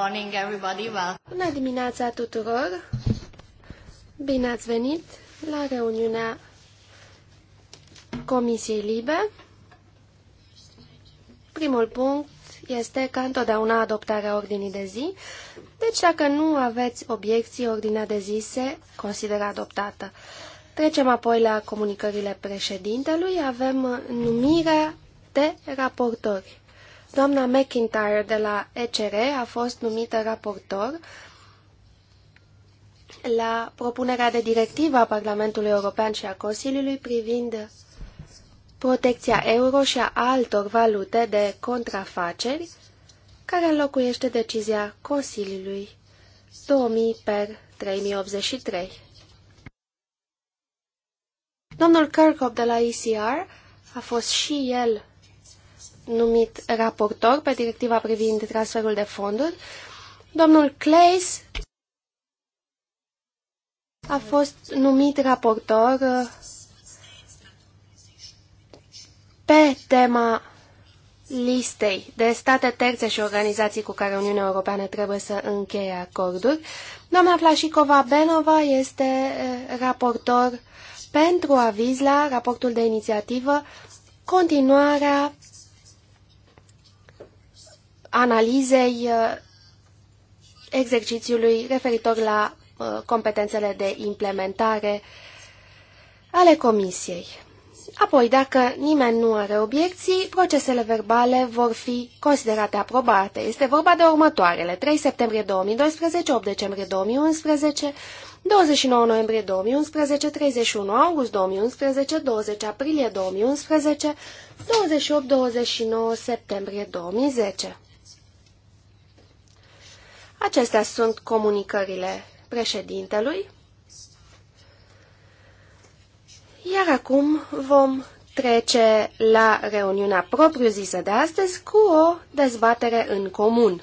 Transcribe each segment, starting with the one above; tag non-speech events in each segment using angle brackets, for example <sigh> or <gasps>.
morning, everybody. Well. Bună dimineața tuturor! Bine ați venit la reuniunea Comisiei Libe. Primul punct este ca întotdeauna adoptarea ordinii de zi. Deci dacă nu aveți obiecții, ordinea de zi se consideră adoptată. Trecem apoi la comunicările președintelui. Avem numirea de raportori. Doamna McIntyre de la ECR a fost numită raportor la propunerea de directivă a Parlamentului European și a Consiliului privind protecția euro și a altor valute de contrafaceri, care înlocuiește decizia Consiliului 2000 per 3083. Domnul Kirchhoff de la ECR a fost și el numit raportor pe directiva privind transferul de fonduri. Domnul Clays a fost numit raportor uh, pe tema listei de state terțe și organizații cu care Uniunea Europeană trebuie să încheie acorduri. Doamna Flașicova Benova este uh, raportor pentru aviz la raportul de inițiativă continuarea analizei uh, exercițiului referitor la uh, competențele de implementare ale Comisiei. Apoi, dacă nimeni nu are obiecții, procesele verbale vor fi considerate aprobate. Este vorba de următoarele. 3 septembrie 2012, 8 decembrie 2011, 29 noiembrie 2011, 31 august 2011, 20 aprilie 2011, 28-29 septembrie 2010. Acestea sunt comunicările președintelui. Iar acum vom trece la reuniunea propriu-zisă de astăzi cu o dezbatere în comun.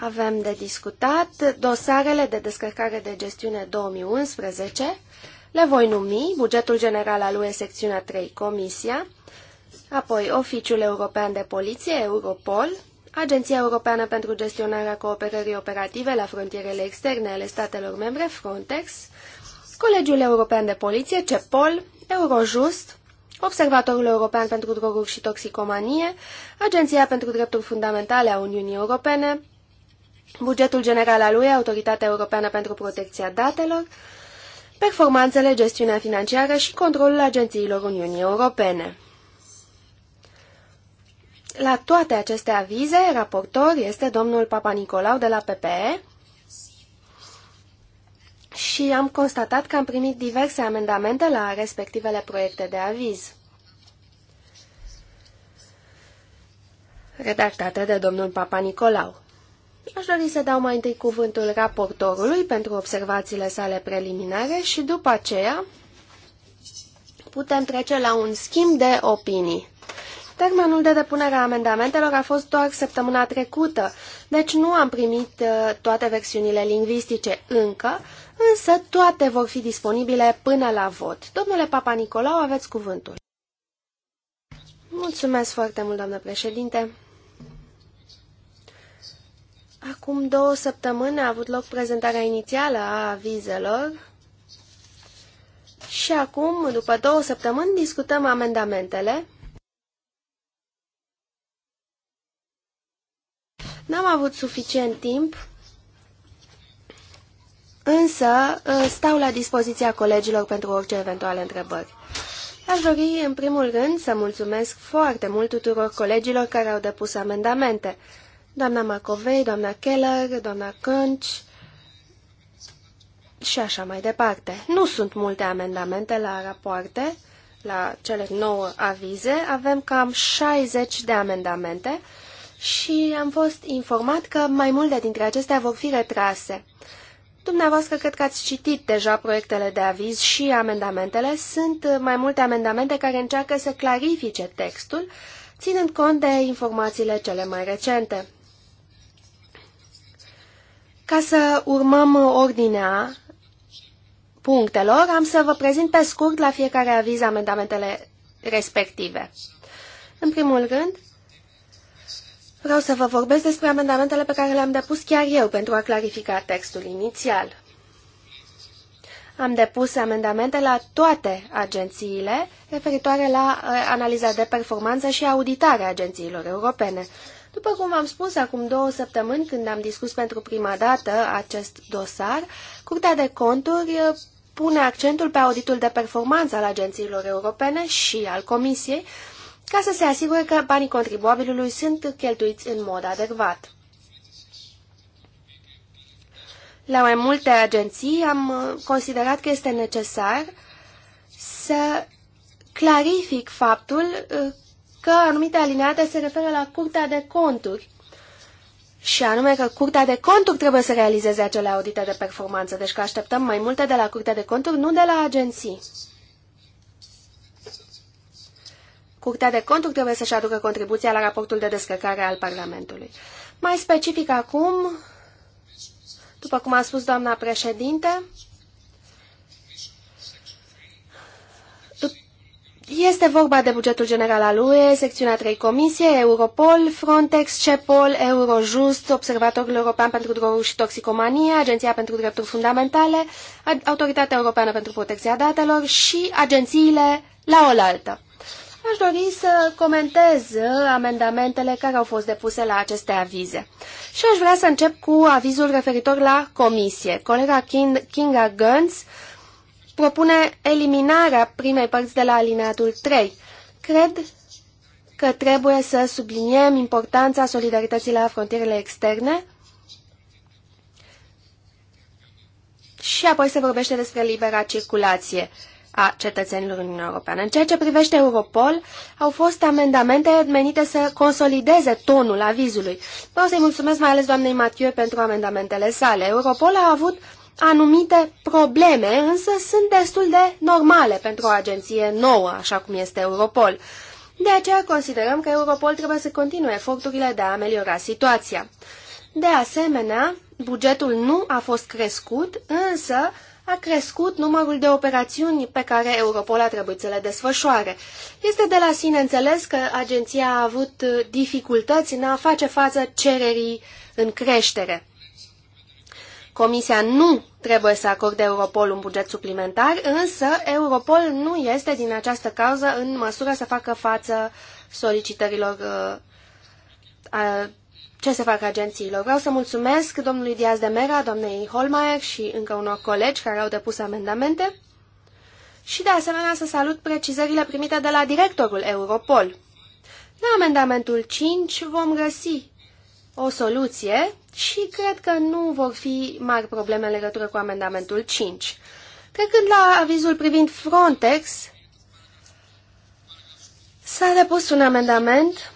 Avem de discutat dosarele de descărcare de gestiune 2011, le voi numi bugetul general al UE secțiunea 3 Comisia, apoi Oficiul European de Poliție Europol, Agenția Europeană pentru Gestionarea Cooperării Operative la Frontierele Externe ale statelor membre, Frontex, Colegiul European de Poliție, CEPOL, Eurojust, Observatorul European pentru Droguri și Toxicomanie, Agenția pentru Drepturi Fundamentale a Uniunii Europene, bugetul general al lui, Autoritatea Europeană pentru Protecția Datelor, performanțele, gestiunea financiară și controlul agențiilor Uniunii Europene. La toate aceste avize, raportor este domnul Papa Nicolau de la PPE și am constatat că am primit diverse amendamente la respectivele proiecte de aviz. redactate de domnul Papa Nicolau. Aș dori să dau mai întâi cuvântul raportorului pentru observațiile sale preliminare și după aceea putem trece la un schimb de opinii. Termenul de depunere a amendamentelor a fost doar săptămâna trecută, deci nu am primit uh, toate versiunile lingvistice încă, însă toate vor fi disponibile până la vot. Domnule Papa Nicolau, aveți cuvântul. Mulțumesc foarte mult, doamnă președinte. Acum două săptămâni a avut loc prezentarea inițială a vizelor și acum, după două săptămâni, discutăm amendamentele N-am avut suficient timp, însă ă, stau la dispoziția colegilor pentru orice eventuale întrebări. Aș dori, în primul rând, să mulțumesc foarte mult tuturor colegilor care au depus amendamente. Doamna Macovei, doamna Keller, doamna Cânci și așa mai departe. Nu sunt multe amendamente la rapoarte, la cele nouă avize. Avem cam 60 de amendamente și am fost informat că mai multe dintre acestea vor fi retrase. Dumneavoastră cred că ați citit deja proiectele de aviz și amendamentele. Sunt mai multe amendamente care încearcă să clarifice textul, ținând cont de informațiile cele mai recente. Ca să urmăm ordinea punctelor, am să vă prezint pe scurt la fiecare aviz amendamentele respective. În primul rând, Vreau să vă vorbesc despre amendamentele pe care le-am depus chiar eu pentru a clarifica textul inițial. Am depus amendamente la toate agențiile referitoare la uh, analiza de performanță și auditarea agențiilor europene. După cum am spus acum două săptămâni când am discutat pentru prima dată acest dosar, Curtea de Conturi uh, pune accentul pe auditul de performanță al agențiilor europene și al Comisiei, ca să se asigure că banii contribuabilului sunt cheltuiți în mod adecvat. La mai multe agenții am uh, considerat că este necesar să clarific faptul uh, că anumite alineate se referă la curtea de conturi și anume că Curtea de Conturi trebuie să realizeze acele audite de performanță, deci că așteptăm mai multe de la Curtea de Conturi, nu de la agenții. Curtea de conturi trebuie să-și aducă contribuția la raportul de descărcare al Parlamentului. Mai specific acum, după cum a spus doamna președinte, Este vorba de bugetul general al UE, secțiunea 3 Comisie, Europol, Frontex, CEPOL, Eurojust, Observatorul European pentru Droguri și Toxicomanie, Agenția pentru Drepturi Fundamentale, Autoritatea Europeană pentru Protecția Datelor și agențiile la oaltă. Aș dori să comentez uh, amendamentele care au fost depuse la aceste avize. Și aș vrea să încep cu avizul referitor la comisie. Colega Kinga Gönz propune eliminarea primei părți de la alineatul 3. Cred că trebuie să subliniem importanța solidarității la frontierele externe și apoi se vorbește despre libera circulație a cetățenilor Uniunii Europeană. În ceea ce privește Europol, au fost amendamente menite să consolideze tonul avizului. Vreau să-i mulțumesc mai ales doamnei Mathieu pentru amendamentele sale. Europol a avut anumite probleme, însă sunt destul de normale pentru o agenție nouă, așa cum este Europol. De aceea considerăm că Europol trebuie să continue eforturile de a ameliora situația. De asemenea, bugetul nu a fost crescut, însă a crescut numărul de operațiuni pe care Europol a trebuit să le desfășoare. Este de la sine înțeles că agenția a avut dificultăți în a face față cererii în creștere. Comisia nu trebuie să acorde Europol un buget suplimentar, însă Europol nu este din această cauză în măsură să facă față solicitărilor uh, ce se fac agențiilor. Vreau să mulțumesc domnului Diaz de Mera, doamnei Holmeier și încă unor colegi care au depus amendamente și de asemenea să salut precizările primite de la directorul Europol. La amendamentul 5 vom găsi o soluție și cred că nu vor fi mari probleme în legătură cu amendamentul 5. Trecând la avizul privind Frontex, s-a depus un amendament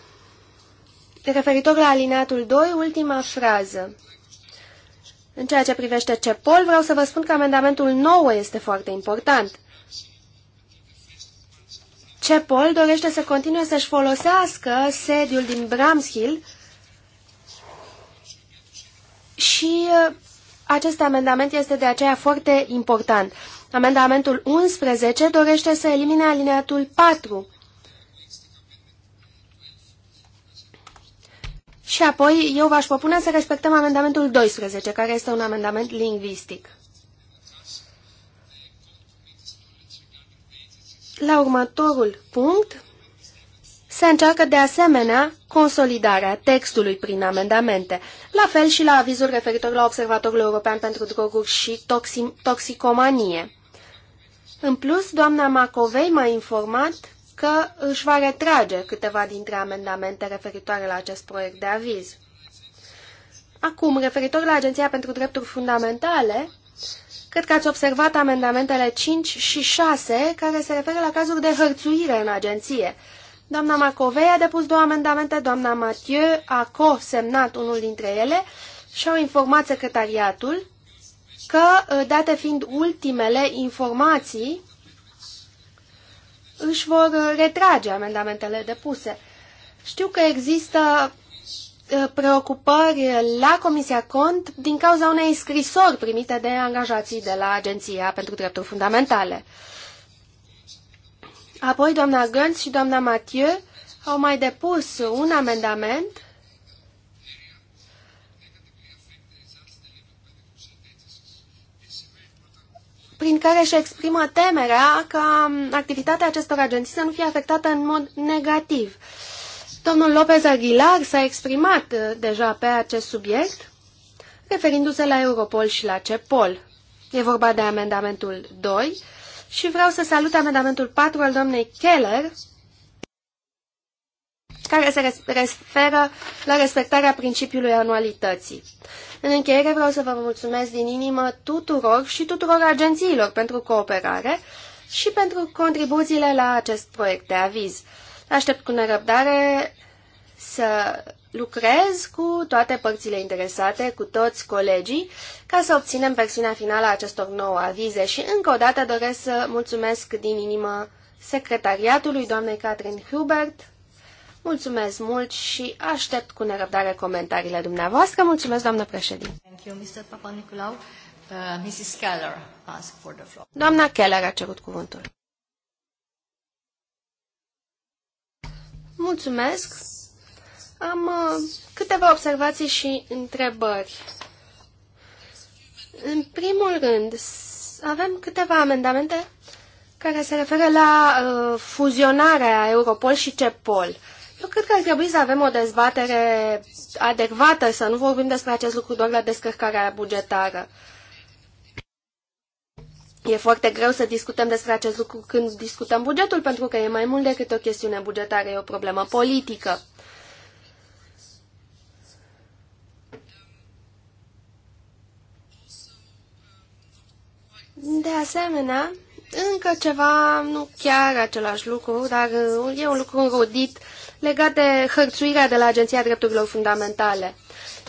Referitor la alineatul 2, ultima frază. În ceea ce privește CEPOL, vreau să vă spun că amendamentul 9 este foarte important. CEPOL dorește să continue să-și folosească sediul din Bramshill și uh, acest amendament este de aceea foarte important. Amendamentul 11 dorește să elimine alineatul 4 Și apoi eu v-aș propune să respectăm amendamentul 12, care este un amendament lingvistic. La următorul punct se încearcă de asemenea consolidarea textului prin amendamente, la fel și la avizul referitor la Observatorul European pentru Droguri și Toxicomanie. În plus, doamna Macovei m-a informat că își va retrage câteva dintre amendamente referitoare la acest proiect de aviz. Acum, referitor la Agenția pentru Drepturi Fundamentale, cred că ați observat amendamentele 5 și 6 care se referă la cazuri de hărțuire în agenție. Doamna Macovei a depus două amendamente, doamna Mathieu a co-semnat unul dintre ele și au informat secretariatul că, date fiind ultimele informații, își vor uh, retrage amendamentele depuse. Știu că există uh, preocupări la Comisia Cont din cauza unei scrisori primite de angajații de la Agenția pentru Drepturi Fundamentale. Apoi, doamna Gönz și doamna Mathieu au mai depus un amendament prin care își exprimă temerea ca activitatea acestor agenții să nu fie afectată în mod negativ. Domnul López Aguilar s-a exprimat uh, deja pe acest subiect, referindu-se la Europol și la CEPOL. E vorba de amendamentul 2 și vreau să salut amendamentul 4 al domnei Keller, care se referă la respectarea principiului anualității. În încheiere vreau să vă mulțumesc din inimă tuturor și tuturor agențiilor pentru cooperare și pentru contribuțiile la acest proiect de aviz. Aștept cu nerăbdare să lucrez cu toate părțile interesate, cu toți colegii, ca să obținem versiunea finală a acestor nouă avize și încă o dată doresc să mulțumesc din inimă secretariatului doamnei Catherine Hubert, Mulțumesc mult și aștept cu nerăbdare comentariile dumneavoastră. Mulțumesc, doamnă președinte. Thank you, Mr. Papa Nicolau. Uh, Mrs. Keller asked for the floor. Doamna Keller a cerut cuvântul. Mulțumesc. Am uh, câteva observații și întrebări. În primul rând, avem câteva amendamente care se referă la uh, fuzionarea Europol și CEPOL. Eu cred că ar trebui să avem o dezbatere adecvată, să nu vorbim despre acest lucru doar la descărcarea bugetară. E foarte greu să discutăm despre acest lucru când discutăm bugetul, pentru că e mai mult decât o chestiune bugetară, e o problemă politică. De asemenea, încă ceva, nu chiar același lucru, dar e un lucru înrodit legat de hărțuirea de la Agenția Drepturilor Fundamentale.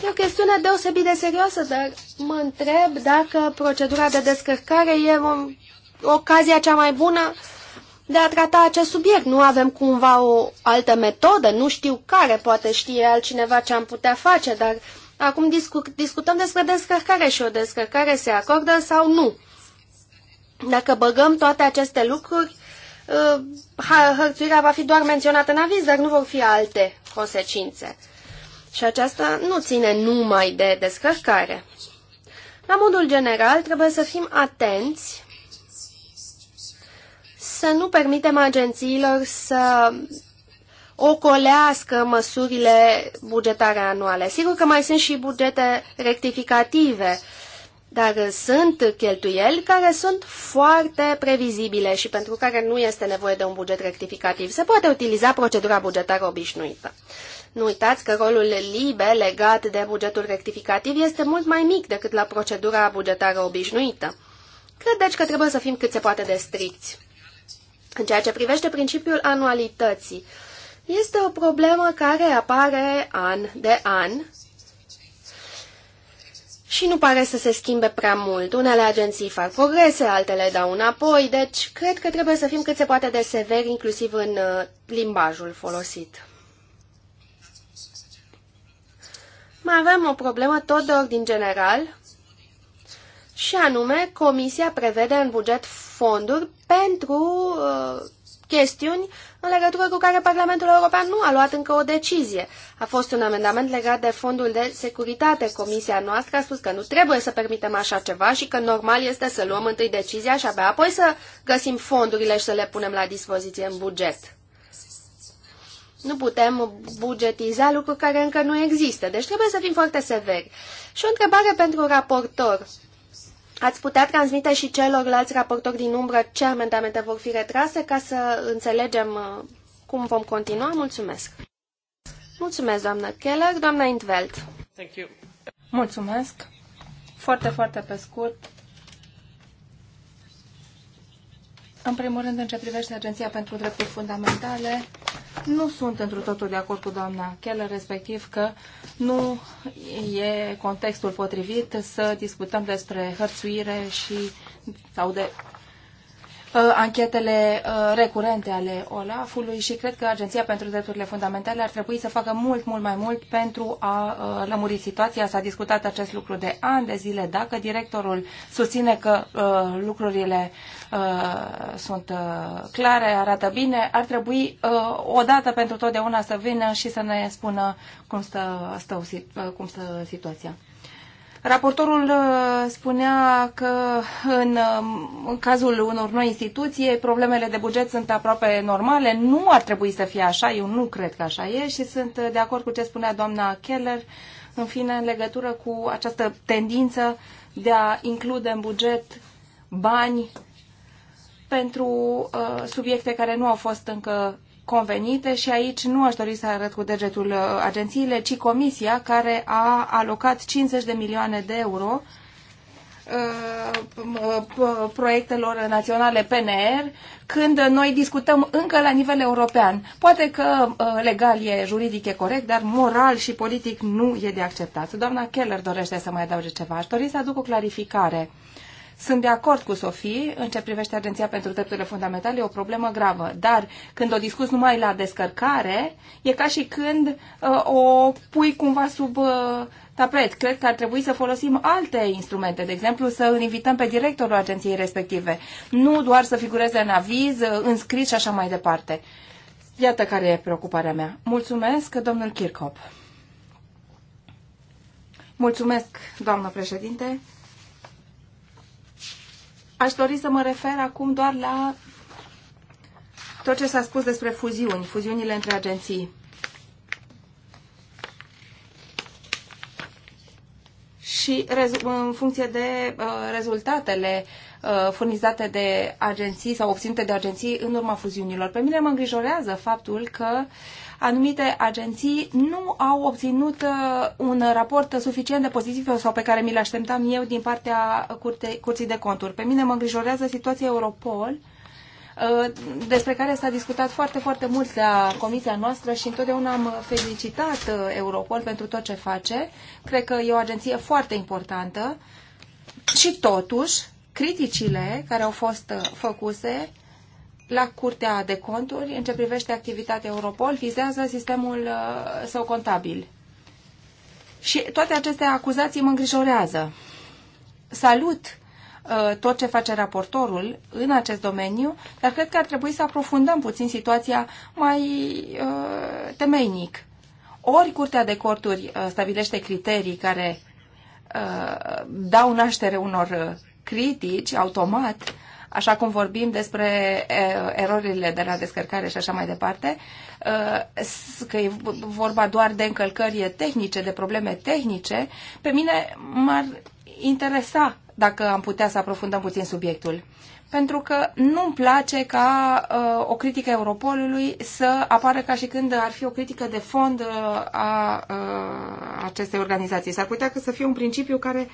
E o chestiune deosebit de serioasă, dar mă întreb dacă procedura de descărcare e o, ocazia cea mai bună de a trata acest subiect. Nu avem cumva o altă metodă, nu știu care, poate știe altcineva ce am putea face, dar acum discu discutăm despre descărcare și o descărcare se acordă sau nu. Dacă băgăm toate aceste lucruri Uh, hărțuirea va fi doar menționată în aviz, dar nu vor fi alte consecințe. Și aceasta nu ține numai de descărcare. La modul general, trebuie să fim atenți să nu permitem agențiilor să ocolească măsurile bugetare anuale. Sigur că mai sunt și bugete rectificative, dar sunt cheltuieli care sunt foarte previzibile și pentru care nu este nevoie de un buget rectificativ. Se poate utiliza procedura bugetară obișnuită. Nu uitați că rolul libe legat de bugetul rectificativ este mult mai mic decât la procedura bugetară obișnuită. Cred deci că trebuie să fim cât se poate de stricți. În ceea ce privește principiul anualității, este o problemă care apare an de an și nu pare să se schimbe prea mult. Unele agenții fac progrese, altele dau înapoi, deci cred că trebuie să fim cât se poate de severi, inclusiv în uh, limbajul folosit. Mai avem o problemă tot de ordin general, și anume, Comisia prevede în buget fonduri pentru uh, chestiuni în legătură cu care Parlamentul European nu a luat încă o decizie. A fost un amendament legat de fondul de securitate. Comisia noastră a spus că nu trebuie să permitem așa ceva și că normal este să luăm întâi decizia și abia apoi să găsim fondurile și să le punem la dispoziție în buget. Nu putem bugetiza lucruri care încă nu există, deci trebuie să fim foarte severi. Și o întrebare pentru raportor. Ați putea transmite și celorlalți raportori din umbră ce amendamente vor fi retrase ca să înțelegem uh, cum vom continua? Mulțumesc! Mulțumesc, doamnă Keller. Doamna Intveld. Mulțumesc. Foarte, foarte pe scurt, În primul rând, în ce privește Agenția pentru Drepturi Fundamentale, nu sunt într totul de acord cu doamna Keller, respectiv că nu e contextul potrivit să discutăm despre hărțuire și, sau de Uh, anchetele uh, recurente ale OLAF-ului și cred că Agenția pentru Drepturile Fundamentale ar trebui să facă mult, mult mai mult pentru a uh, lămuri situația. S-a discutat acest lucru de ani de zile. Dacă directorul susține că lucrurile sunt clare, arată bine, ar trebui o dată pentru totdeauna să vină și să ne spună cum stă, stă, cum stă situația. Raportorul uh, spunea că um, în, cazul unor noi instituții, problemele de buget sunt aproape normale. Nu ar trebui să fie așa, eu nu cred că așa e și sunt uh, de acord cu ce spunea doamna Keller, în fine, în legătură cu această tendință de a include în buget bani pentru uh, subiecte care nu au fost încă convenite și aici nu aș dori să arăt cu degetul uh, agențiile, ci comisia care a alocat 50 de milioane de euro uh, uh, proiectelor naționale PNR când noi discutăm încă la nivel european. Poate că legal e, juridic e corect, dar moral și politic nu e de acceptat. Doamna Keller dorește să mai adauge ceva. Aș dori să aduc o clarificare sunt de acord cu Sofie în ce privește Agenția pentru Drepturile Fundamentale, e o problemă gravă, dar când o discuți numai la descărcare, e ca și când uh, o pui cumva sub uh, tapet. Cred că ar trebui să folosim alte instrumente, de exemplu să îl invităm pe directorul agenției respective, nu doar să figureze în aviz, uh, înscris și așa mai departe. Iată care e preocuparea mea. Mulțumesc, domnul Kirchhoff. Mulțumesc, doamnă președinte. Aș dori să mă refer acum doar la tot ce s-a spus despre fuziuni, fuziunile între agenții. Și în funcție de uh, rezultatele uh, furnizate de agenții sau obținute de agenții în urma fuziunilor. Pe mine mă îngrijorează faptul că uh, anumite agenții nu au obținut uh, un raport suficient de pozitiv sau pe care mi-l așteptam eu din partea curte, Curții de Conturi. Pe mine mă îngrijorează situația Europol, uh, despre care s-a discutat foarte, foarte mult la comisia noastră și întotdeauna am felicitat uh, Europol pentru tot ce face. Cred că e o agenție foarte importantă și totuși criticile care au fost făcuse la Curtea de Conturi în ce privește activitatea Europol vizează sistemul uh, său contabil. Și toate aceste acuzații mă îngrijorează. Salut uh, tot ce face raportorul în acest domeniu, dar cred că ar trebui să aprofundăm puțin situația mai uh, temeinic. Ori Curtea de Corturi uh, stabilește criterii care uh, dau naștere unor critici automat, așa cum vorbim despre erorile de la descărcare și așa mai departe, că e vorba doar de încălcări tehnice, de probleme tehnice, pe mine m-ar interesa dacă am putea să aprofundăm puțin subiectul pentru că nu-mi place ca uh, o critică Europolului să apară ca și când ar fi o critică de fond uh, a uh, acestei organizații. S-ar putea că să fie un principiu care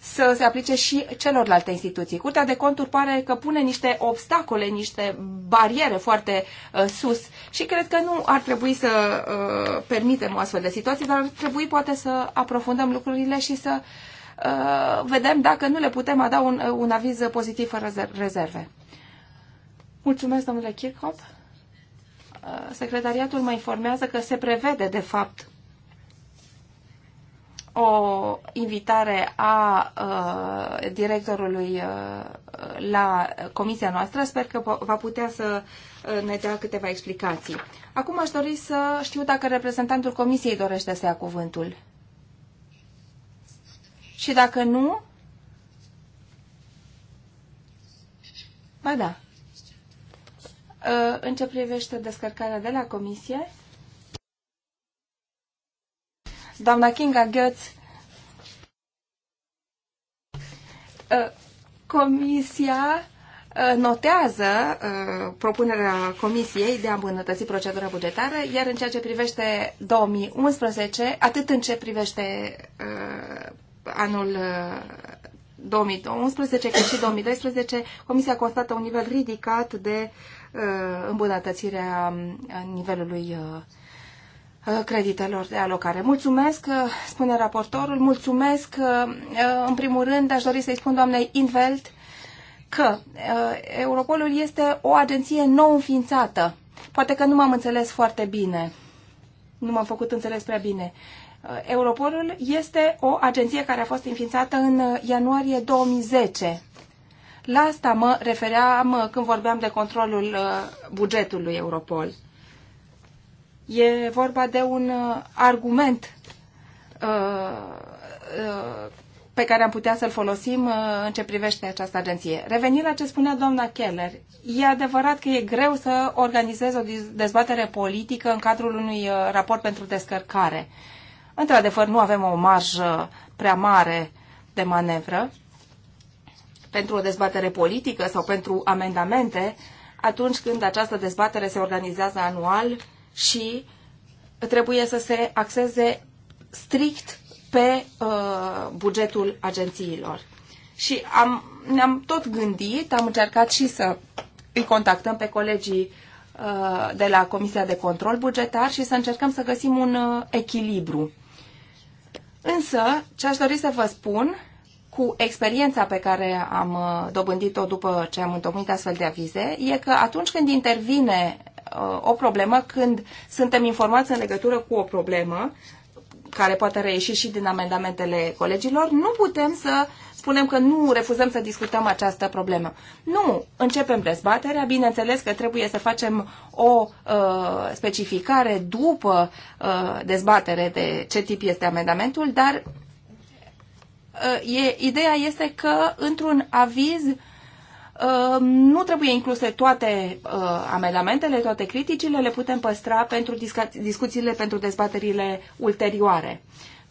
să se aplice și celorlalte instituții. Curtea de conturi pare că pune niște obstacole, niște bariere foarte uh, sus și cred că nu ar trebui să uh, permitem o astfel de situație, dar ar trebui poate să aprofundăm lucrurile și să uh, Uh, vedem dacă nu le putem da un, uh, un aviz pozitiv fără rezerve. Mulțumesc, domnule Kirchhoff. Uh, secretariatul mă informează că se prevede, de fapt, o invitare a uh, directorului uh, la comisia noastră. Sper că va putea să ne dea câteva explicații. Acum aș dori să știu dacă reprezentantul comisiei dorește să ia cuvântul. Și dacă nu... Ba da. Ă, în ce privește descărcarea de la comisie, doamna Kinga Götz ă, Comisia ă, notează propunerea Comisiei de a îmbunătăți procedura bugetară, iar în ceea ce privește 2011, atât în ce privește anul 2011, uh, cât și 2012, Comisia constată un nivel ridicat de uh, îmbunătățirea nivelului uh, creditelor de alocare. Mulțumesc, spune raportorul, mulțumesc. În primul rând, aș dori să-i spun doamnei Invelt că Europolul este o agenție nou înființată. Poate că nu m-am înțeles foarte bine. Nu m-am făcut înțeles prea bine. Uh, Europolul este o agenție care a fost înființată în uh, ianuarie 2010. La asta mă refeream uh, când vorbeam de controlul bugetului Europol. E vorba de un argument pe care am putea să-l folosim în ce privește această agenție. Revenind la ce spunea doamna Keller, e adevărat că e greu să organizezi o dezbatere politică în cadrul unui raport pentru descărcare. Într-adevăr, nu avem o marjă prea mare de manevră pentru o dezbatere politică sau pentru amendamente atunci când această dezbatere se organizează anual și trebuie să se axeze strict pe uh, bugetul agențiilor. Și am, ne-am tot gândit, am încercat și să îi contactăm pe colegii uh, de la Comisia de Control Bugetar și să încercăm să găsim un uh, echilibru Însă, ce aș dori să vă spun, cu experiența pe care am uh, dobândit-o după ce am întocmit astfel de avize, e că atunci când intervine uh, o problemă, când suntem informați în legătură cu o problemă, care poate reieși și din amendamentele colegilor, nu putem să spunem că nu refuzăm să discutăm această problemă. Nu, începem dezbaterea, bineînțeles că trebuie să facem o uh, specificare după uh, dezbatere de ce tip este amendamentul, dar uh, e, ideea este că într-un aviz uh, nu trebuie incluse toate uh, amendamentele, toate criticile, le putem păstra pentru discuțiile, pentru dezbaterile ulterioare.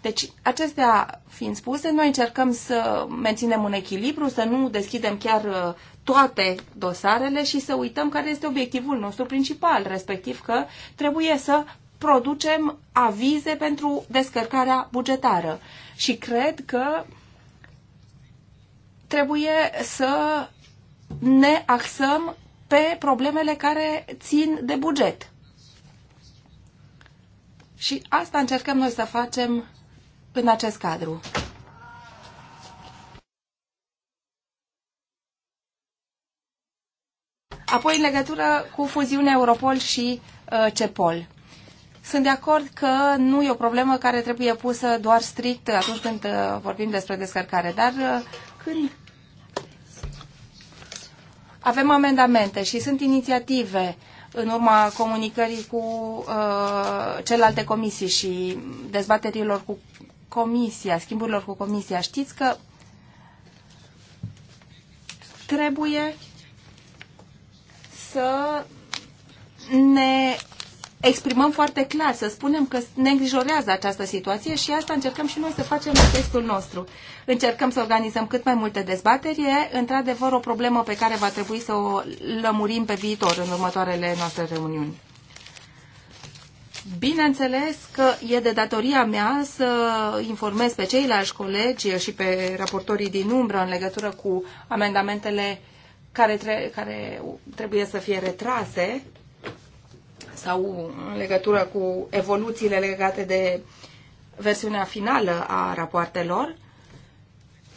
Deci, acestea fiind spuse, noi încercăm să menținem un echilibru, să nu deschidem chiar uh, toate dosarele și să uităm care este obiectivul nostru principal, respectiv că trebuie să producem avize pentru descărcarea bugetară. Și cred că trebuie să ne axăm pe problemele care țin de buget. Și asta încercăm noi să facem în acest cadru. Apoi, în legătură cu fuziunea Europol și uh, CEPOL. Sunt de acord că nu e o problemă care trebuie pusă doar strict atunci când uh, vorbim despre descărcare, dar uh, când avem amendamente și sunt inițiative în urma comunicării cu uh, celelalte comisii și dezbaterilor cu Comisia, schimburilor cu Comisia. Știți că trebuie să ne exprimăm foarte clar, să spunem că ne îngrijorează această situație și asta încercăm și noi să facem în textul nostru. Încercăm să organizăm cât mai multe dezbateri. E, într-adevăr, o problemă pe care va trebui să o lămurim pe viitor, în următoarele noastre reuniuni. Bineînțeles că e de datoria mea să informez pe ceilalți colegi și pe raportorii din umbră în legătură cu amendamentele care, tre- care trebuie să fie retrase sau în legătură cu evoluțiile legate de versiunea finală a rapoartelor.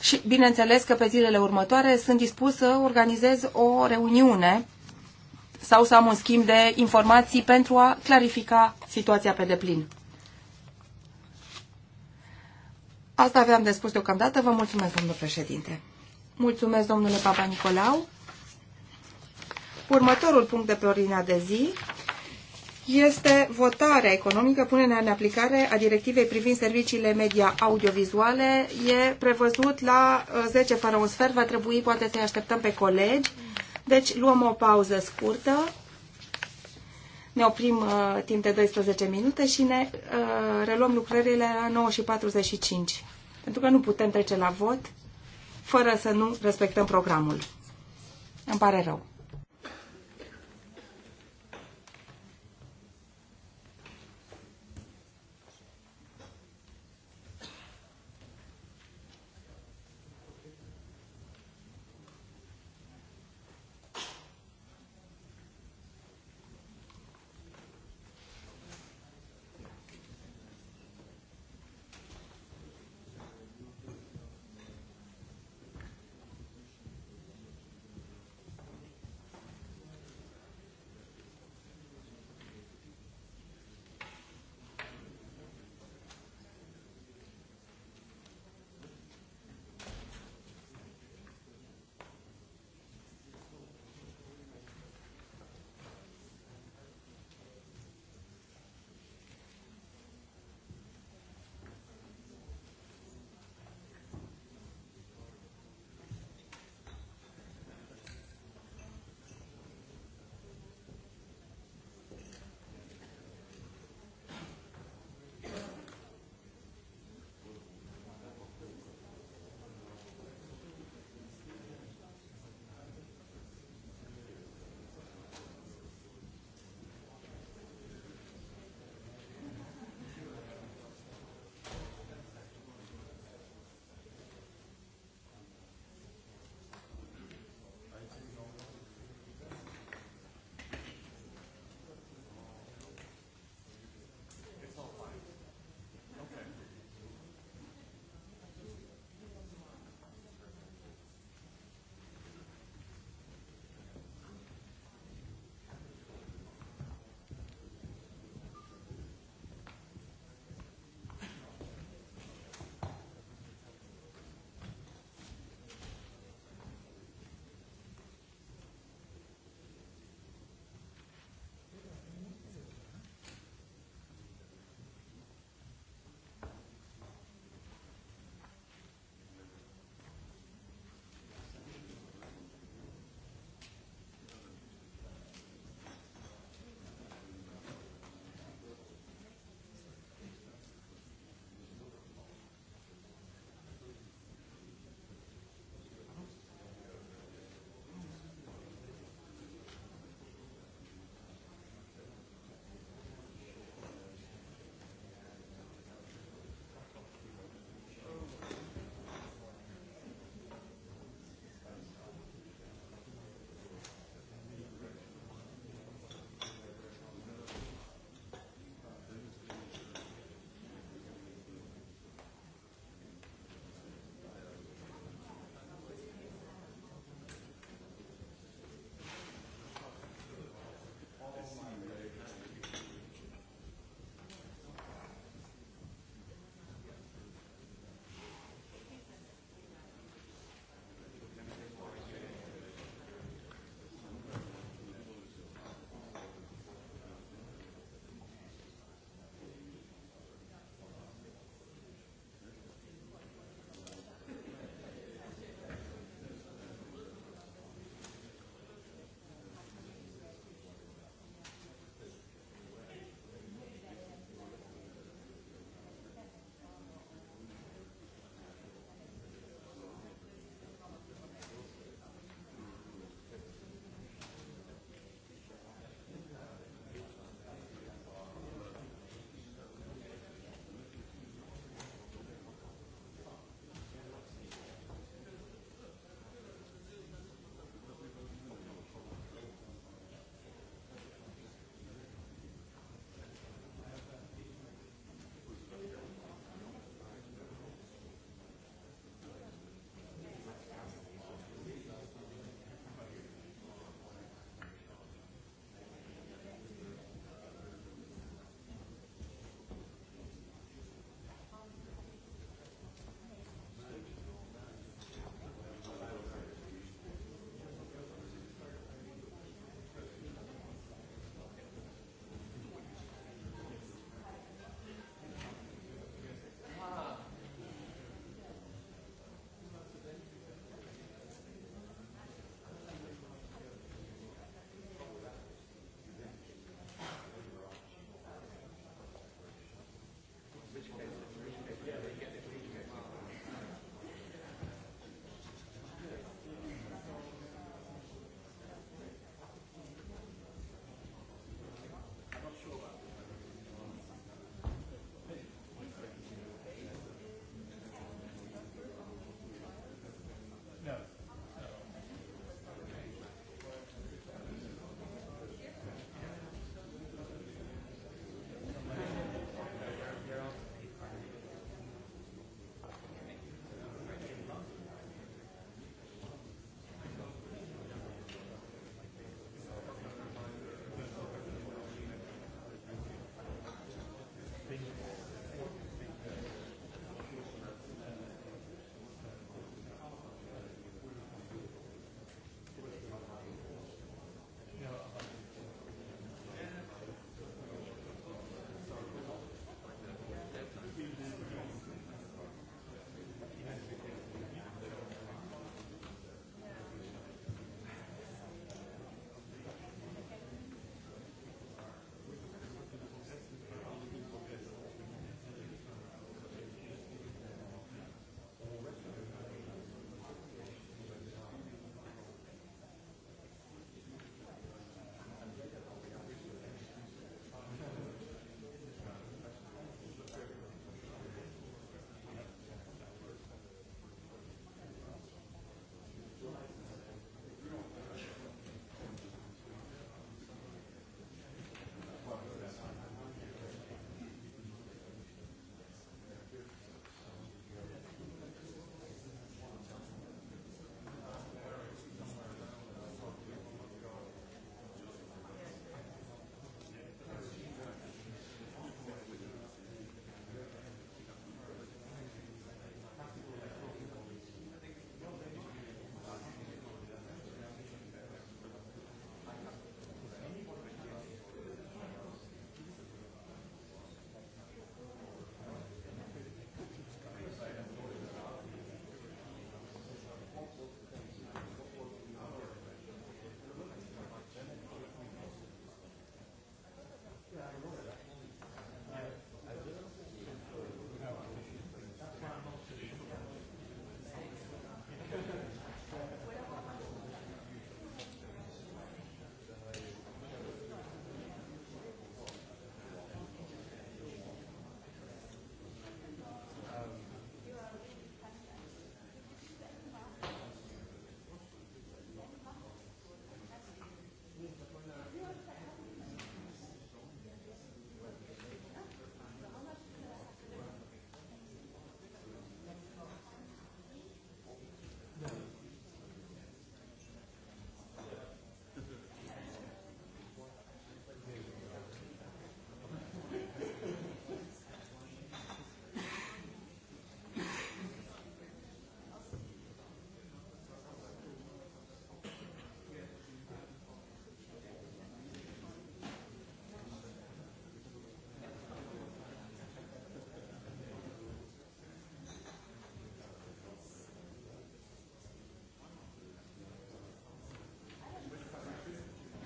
Și bineînțeles că pe zilele următoare sunt dispus să organizez o reuniune sau să am un schimb de informații pentru a clarifica situația pe deplin. Asta aveam de spus deocamdată. Vă mulțumesc, domnule președinte. Mulțumesc, domnule Papa Nicolau. Următorul punct de pe ordinea de zi este votarea economică, punerea în aplicare a directivei privind serviciile media audiovizuale. E prevăzut la 10 uh, fără un sfert, va trebui poate să-i așteptăm pe colegi deci luăm o pauză scurtă, ne oprim uh, timp de 12 minute și ne uh, reluăm lucrările la 9:45, Pentru că nu putem trece la vot fără să nu respectăm programul. Îmi pare rău.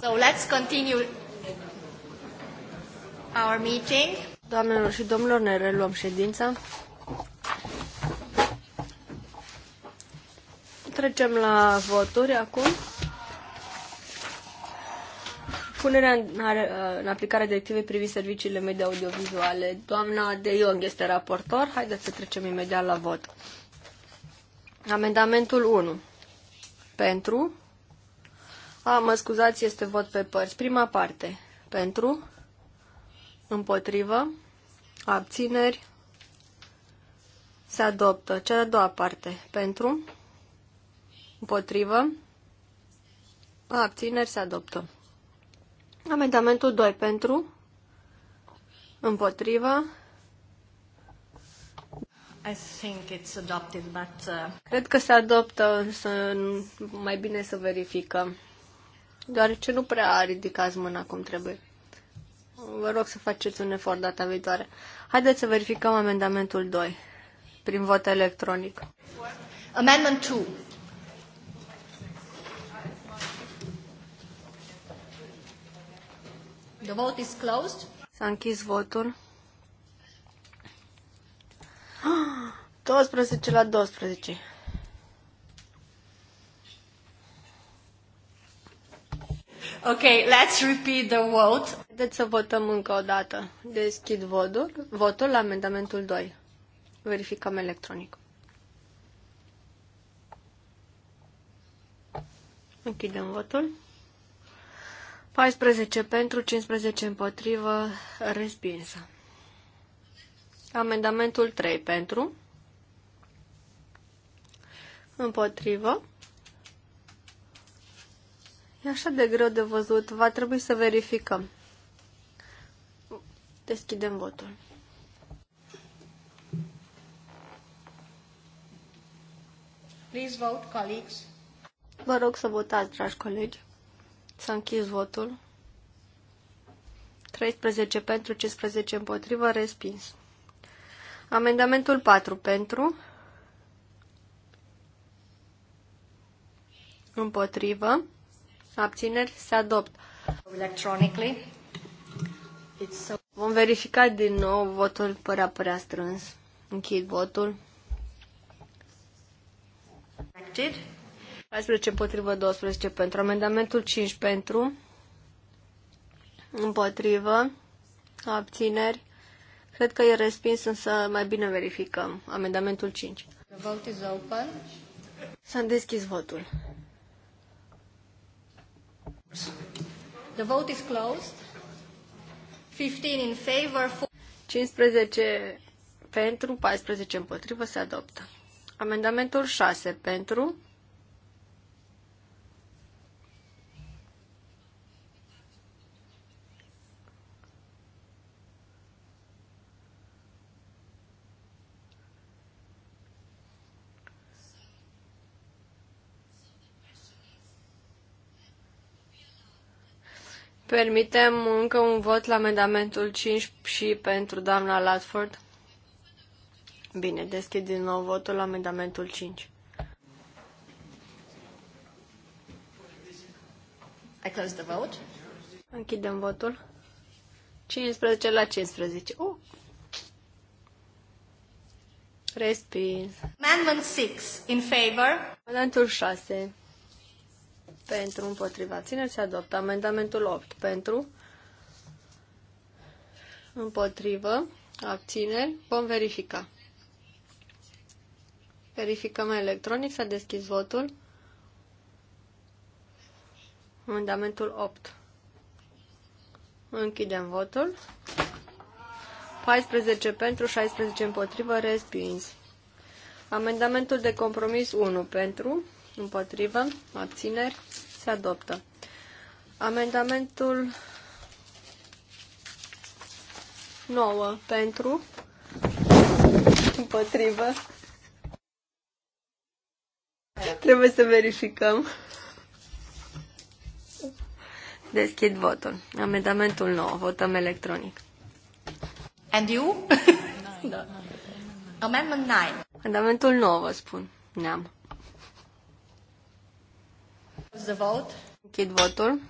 So let's continue our meeting. Doamnelor și domnilor, ne reluăm ședința. Trecem la voturi acum. Punerea în, în aplicare directivei privind serviciile media audiovizuale. Doamna De Jong este raportor. Haideți să trecem imediat la vot. Amendamentul 1. Pentru a, mă scuzați, este vot pe părți. Prima parte. Pentru, împotrivă, abțineri, se adoptă. Cea de-a doua parte. Pentru, împotrivă, abțineri, se adoptă. Amendamentul 2. Pentru, împotrivă, I think it's adopted, but, uh... Cred că se adoptă, însă mai bine să verificăm deoarece nu prea ridicați mâna cum trebuie. Vă rog să faceți un efort data viitoare. Haideți să verificăm amendamentul 2 prin vot electronic. Amendment 2. The vote is closed. S-a închis votul. 12 <gasps> la 12. Ok, let's repeat the vote. Haideți să votăm încă o dată. Deschid votul, votul la amendamentul 2. Verificăm electronic. Închidem votul. 14 pentru, 15 împotrivă, respinsă. Amendamentul 3 pentru, împotrivă, E așa de greu de văzut. Va trebui să verificăm. Deschidem votul. Please vote, colleagues. Vă rog să votați, dragi colegi. Să închis votul. 13 pentru, 15 împotrivă, respins. Amendamentul 4 pentru, împotrivă, Abțineri? Se adopt. Electronically. So... Vom verifica din nou. Votul părea părea strâns. Închid votul. 14 împotrivă, 12 pentru. Amendamentul 5 pentru. Împotrivă. Abțineri. Cred că e respins, însă mai bine verificăm. Amendamentul 5. The vote is open. S-a deschis votul. The vote is closed. 15 in favor. 15 pentru, 14 împotrivă se adoptă. Amendamentul 6 pentru, Permitem încă un vot la amendamentul 5 și pentru doamna Latford? Bine, deschid din nou votul la amendamentul 5. I close the vote. Închidem votul. 15 la 15. Uh. Respins. Amendment 6 in favor. Amendamentul 6 pentru, împotriva, abțineri, se adoptă. Amendamentul 8 pentru, împotrivă, abțineri, vom verifica. Verificăm electronic, s-a deschis votul. Amendamentul 8. Închidem votul. 14 pentru, 16 împotrivă, respins. Amendamentul de compromis 1 pentru, Împotrivă. Abțineri. Se adoptă. Amendamentul 9 pentru. Împotrivă. Trebuie să verificăm. Deschid votul. Amendamentul 9. Votăm electronic. And you? da. <laughs> Amendment 9. Amendamentul 9, vă spun. Neam. The vote. Închid votul.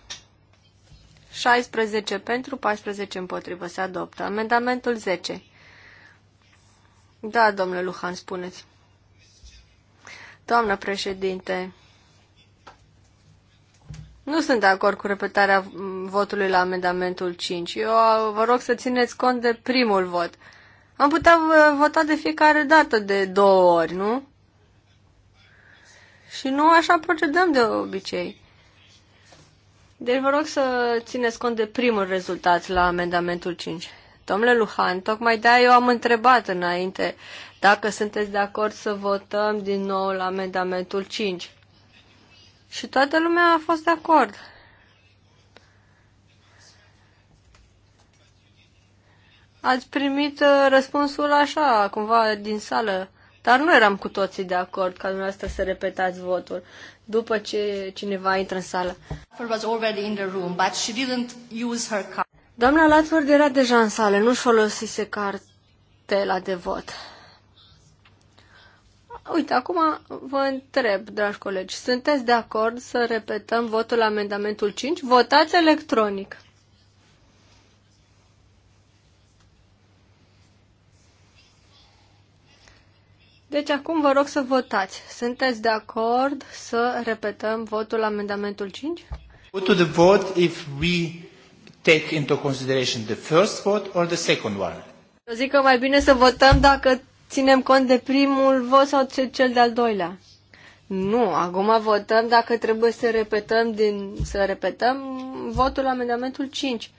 16 pentru, 14 împotrivă. Se adoptă. Amendamentul 10. Da, domnule Luhan, spuneți. Doamnă președinte, nu sunt de acord cu repetarea votului la amendamentul 5. Eu vă rog să țineți cont de primul vot. Am putea uh, vota de fiecare dată de două ori, nu? Și nu așa procedăm de obicei. Deci vă rog să țineți cont de primul rezultat la amendamentul 5. Domnule Luhan, tocmai de eu am întrebat înainte dacă sunteți de acord să votăm din nou la amendamentul 5. Și toată lumea a fost de acord. Ați primit uh, răspunsul așa, cumva din sală. Dar nu eram cu toții de acord ca dumneavoastră să repetați votul după ce cineva intră în sală. Doamna Latford era deja în sală, nu-și folosise cartela de vot. Uite, acum vă întreb, dragi colegi, sunteți de acord să repetăm votul la amendamentul 5? Votați electronic! Deci acum vă rog să votați. Sunteți de acord să repetăm votul la amendamentul 5? Go to the vote if we take into consideration the first vote or the second one. Eu zic că mai bine să votăm dacă ținem cont de primul vot sau cel de-al doilea. Nu, acum votăm dacă trebuie să repetăm din să repetăm votul la amendamentul 5.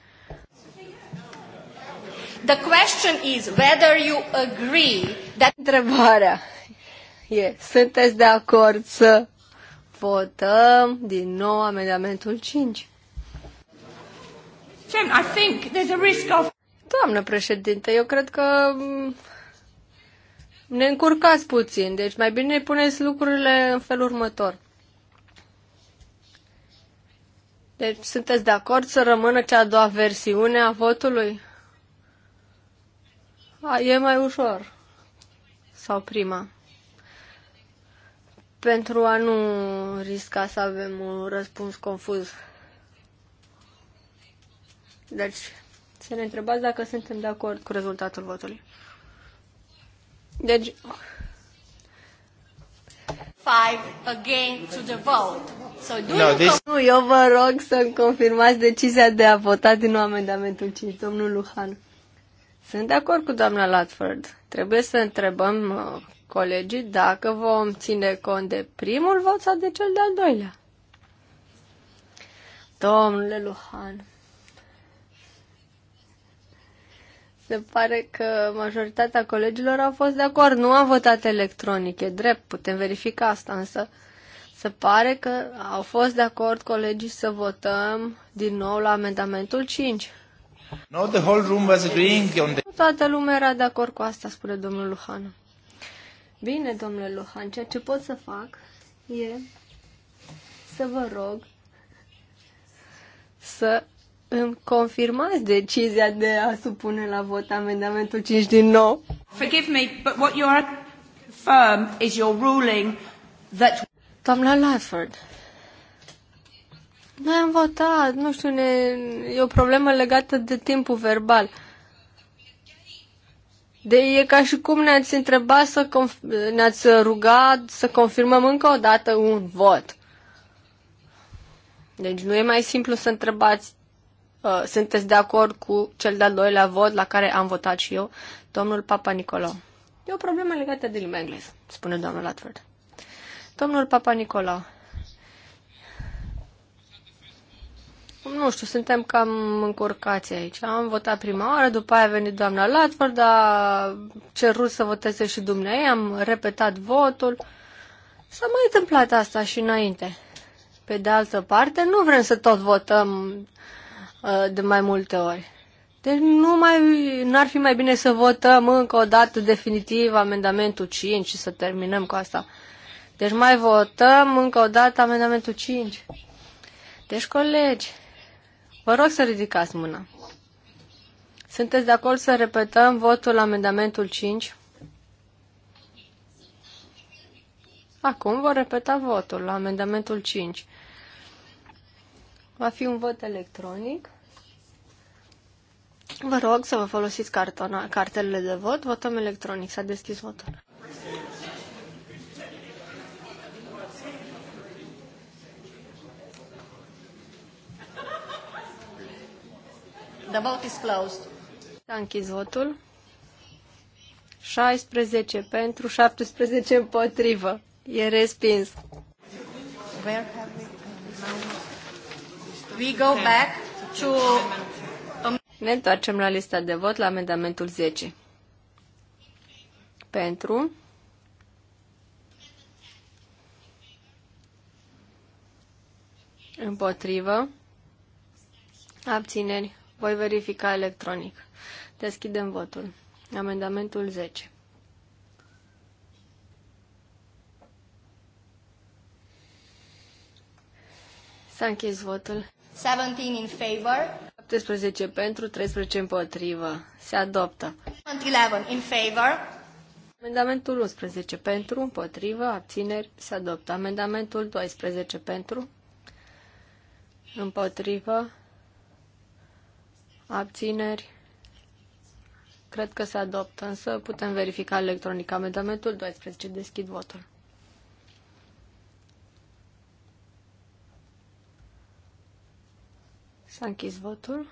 The question is whether you agree that... Întrebarea e, sunteți de acord să votăm din nou amendamentul 5? I think there's a risk of... Doamnă președinte, eu cred că mm, ne încurcați puțin, deci mai bine puneți lucrurile în felul următor. Deci sunteți de acord să rămână cea a doua versiune a votului? A, e mai ușor. Sau prima. Pentru a nu risca să avem un răspuns confuz. Deci, să ne întrebați dacă suntem de acord cu rezultatul votului. Deci... Five again to the vote. So do no, you this... Nu, eu vă rog să-mi confirmați decizia de a vota din nou amendamentul 5, domnul Luhan. Sunt de acord cu doamna Latford. Trebuie să întrebăm uh, colegii dacă vom ține cont de primul vot sau de cel de-al doilea. Domnule Luhan, se pare că majoritatea colegilor au fost de acord. Nu am votat electronic, e drept, putem verifica asta, însă se pare că au fost de acord colegii să votăm din nou la amendamentul 5. Toată lumea era de acord cu asta, spune domnul Luhan. Bine, domnule Luhan, ceea ce pot să fac e să vă rog să îmi confirmați decizia de a supune la vot amendamentul 5 din nou. Forgive me, but what you are firm is your ruling that... Doamna Lafford, noi am votat, nu știu, ne, e o problemă legată de timpul verbal. De e ca și cum ne-ați întrebat să ne-ați rugat să confirmăm încă o dată un vot. Deci nu e mai simplu să întrebați uh, sunteți de acord cu cel de-al doilea vot la care am votat și eu, domnul Papa Nicolau. E o problemă legată de limba engleză, spune domnul Latford. Domnul Papa Nicolau, nu știu, suntem cam încurcați aici. Am votat prima oară, după aia a venit doamna Latford, a cerut să voteze și dumneai, am repetat votul. S-a mai întâmplat asta și înainte. Pe de altă parte, nu vrem să tot votăm uh, de mai multe ori. Deci nu mai, n-ar fi mai bine să votăm încă o dată definitiv amendamentul 5 și să terminăm cu asta. Deci mai votăm încă o dată amendamentul 5. Deci, colegi, Vă rog să ridicați mâna. Sunteți de acord să repetăm votul la amendamentul 5? Acum vă repeta votul la amendamentul 5. Va fi un vot electronic. Vă rog să vă folosiți cartona, cartelele de vot. Votăm electronic. S-a deschis votul. The vote is closed. S-a închis votul. 16 pentru, 17 împotrivă. E respins. Where have we... We go back to... Um, ne întoarcem la lista de vot la amendamentul 10. Pentru. Împotrivă. Abțineri. Voi verifica electronic. Deschidem votul. Amendamentul 10. S-a închis votul. 17 in favor. 17 pentru, 13 împotrivă. Se adoptă. 11 in favor. Amendamentul 11 pentru, împotrivă, abțineri, se adoptă. Amendamentul 12 pentru, împotrivă, Abțineri. Cred că se adoptă, însă putem verifica electronic amendamentul 12. Deschid votul. S-a închis votul.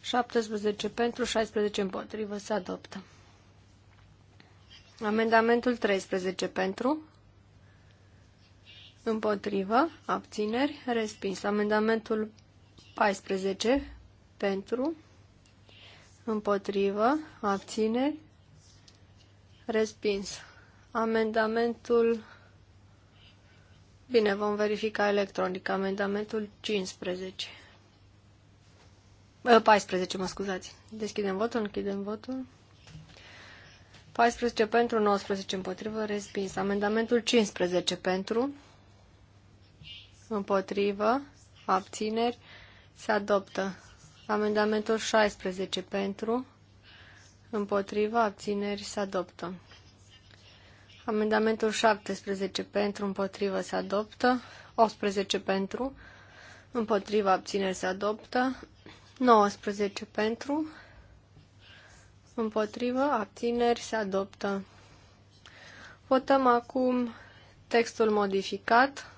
17 pentru, 16 împotrivă. Se adoptă. Amendamentul 13 pentru. Împotrivă. Abțineri. Respins. Amendamentul 14 pentru, împotrivă, abțineri, respins. Amendamentul, bine, vom verifica electronic, amendamentul 15. 14, mă scuzați. Deschidem votul, închidem votul. 14 pentru, 19 împotrivă, respins. Amendamentul 15 pentru, împotrivă, abțineri, se adoptă. Amendamentul 16 pentru, împotriva, abțineri se adoptă. Amendamentul 17 pentru, împotrivă se adoptă. 18 pentru, împotriva, abțineri se adoptă. 19 pentru, împotrivă, abțineri se adoptă. Votăm acum textul modificat.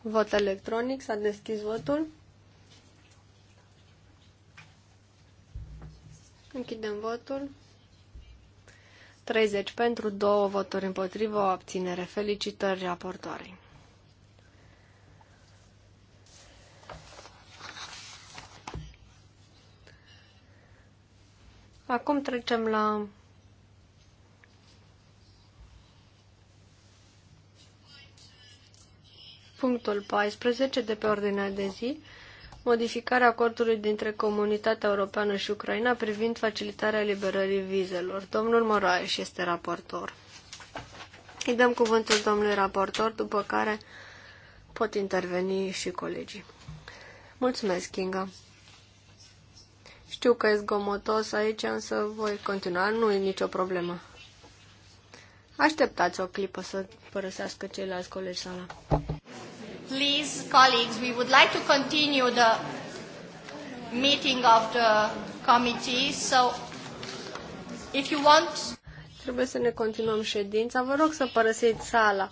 Vot electronic. S-a deschis votul. Închidem votul. 30 pentru, 2 voturi împotrivă, o abținere. Felicitări raportoarei. Acum trecem la punctul 14 de pe ordinea de zi, modificarea acordului dintre Comunitatea Europeană și Ucraina privind facilitarea liberării vizelor. Domnul Moraes este raportor. Îi dăm cuvântul domnului raportor, după care pot interveni și colegii. Mulțumesc, Kinga. Știu că e zgomotos aici, însă voi continua, nu e nicio problemă. Așteptați o clipă să părăsească ceilalți colegi sala. Please, colleagues, we would like to continue the meeting of the committee, so if you want... Trebuie să ne continuăm ședința. Vă rog să părăsiți sala.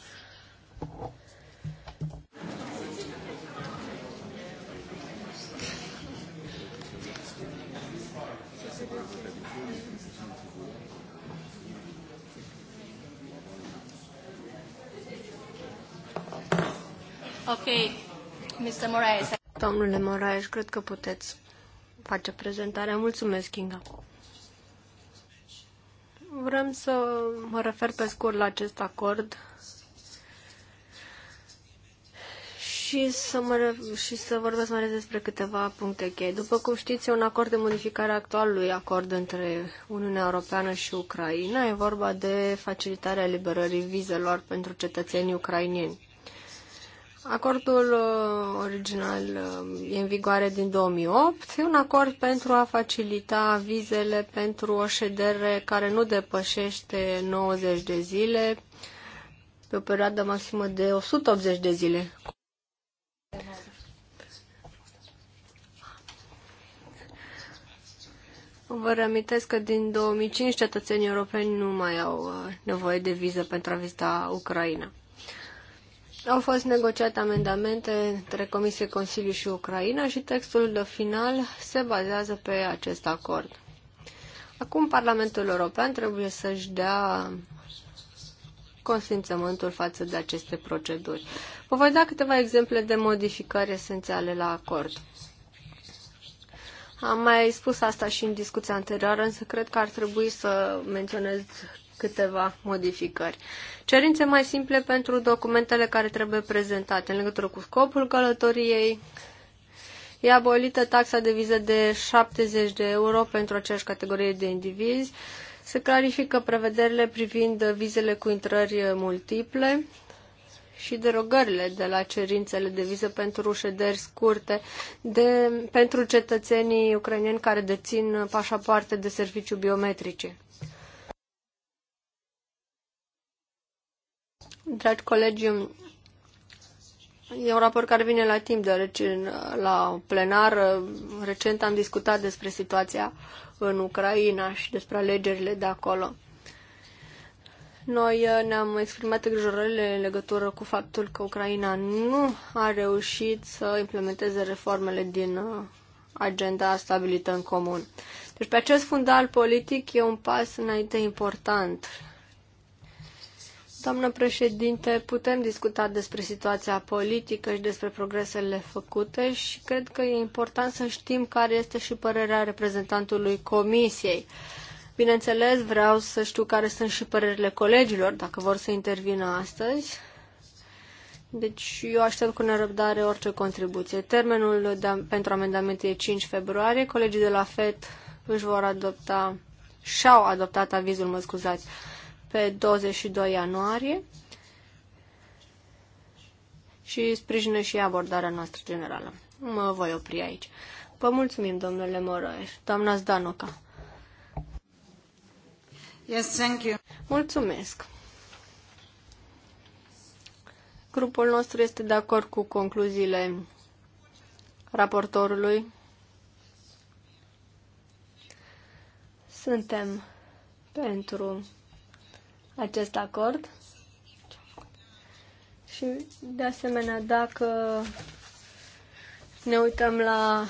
Ok, Mr. Moraes. Domnule Moraes, cred că puteți face prezentarea. Mulțumesc, Kinga. Vrem să mă refer pe scurt la acest acord și să, mă, și să vorbesc mai despre câteva puncte cheie. După cum știți, e un acord de modificare actualului acord între Uniunea Europeană și Ucraina. E vorba de facilitarea liberării vizelor pentru cetățenii ucrainieni. Acordul uh, original uh, e în vigoare din 2008. E un acord pentru a facilita vizele pentru o ședere care nu depășește 90 de zile pe o perioadă maximă de 180 de zile. Vă reamintesc că din 2005 cetățenii europeni nu mai au uh, nevoie de viză pentru a vizita Ucraina. Au fost negociate amendamente între Comisie, Consiliu și Ucraina și textul final se bazează pe acest acord. Acum Parlamentul European trebuie să-și dea consimțământul față de aceste proceduri. Vă voi da câteva exemple de modificări esențiale la acord. Am mai spus asta și în discuția anterioară, însă cred că ar trebui să menționez câteva modificări. Cerințe mai simple pentru documentele care trebuie prezentate în legătură cu scopul călătoriei. E abolită taxa de viză de 70 de euro pentru aceeași categorie de indivizi. Se clarifică prevederile privind vizele cu intrări multiple și derogările de la cerințele de viză pentru șederi scurte de, pentru cetățenii ucraineni care dețin pașapoarte de serviciu biometrice. Dragi colegi, e un raport care vine la timp, deoarece la plenar recent am discutat despre situația în Ucraina și despre alegerile de acolo. Noi eh, ne-am exprimat îngrijorările în legătură cu faptul că Ucraina nu a reușit să implementeze reformele din eh, agenda stabilită în comun. Deci pe acest fundal politic e un pas înainte important Doamnă președinte, putem discuta despre situația politică și despre progresele făcute și cred că e important să știm care este și părerea reprezentantului Comisiei. Bineînțeles, vreau să știu care sunt și părerile colegilor, dacă vor să intervină astăzi. Deci eu aștept cu nerăbdare orice contribuție. Termenul de, pentru amendamente e 5 februarie. Colegii de la FED își vor adopta și-au adoptat avizul, mă scuzați, pe 22 ianuarie și sprijină și abordarea noastră generală. Mă voi opri aici. Vă mulțumim, domnule Moroeș. Doamna Zdanoca. Yes, thank you. Mulțumesc. Grupul nostru este de acord cu concluziile raportorului. Suntem pentru acest acord. Și, de asemenea, dacă ne uităm la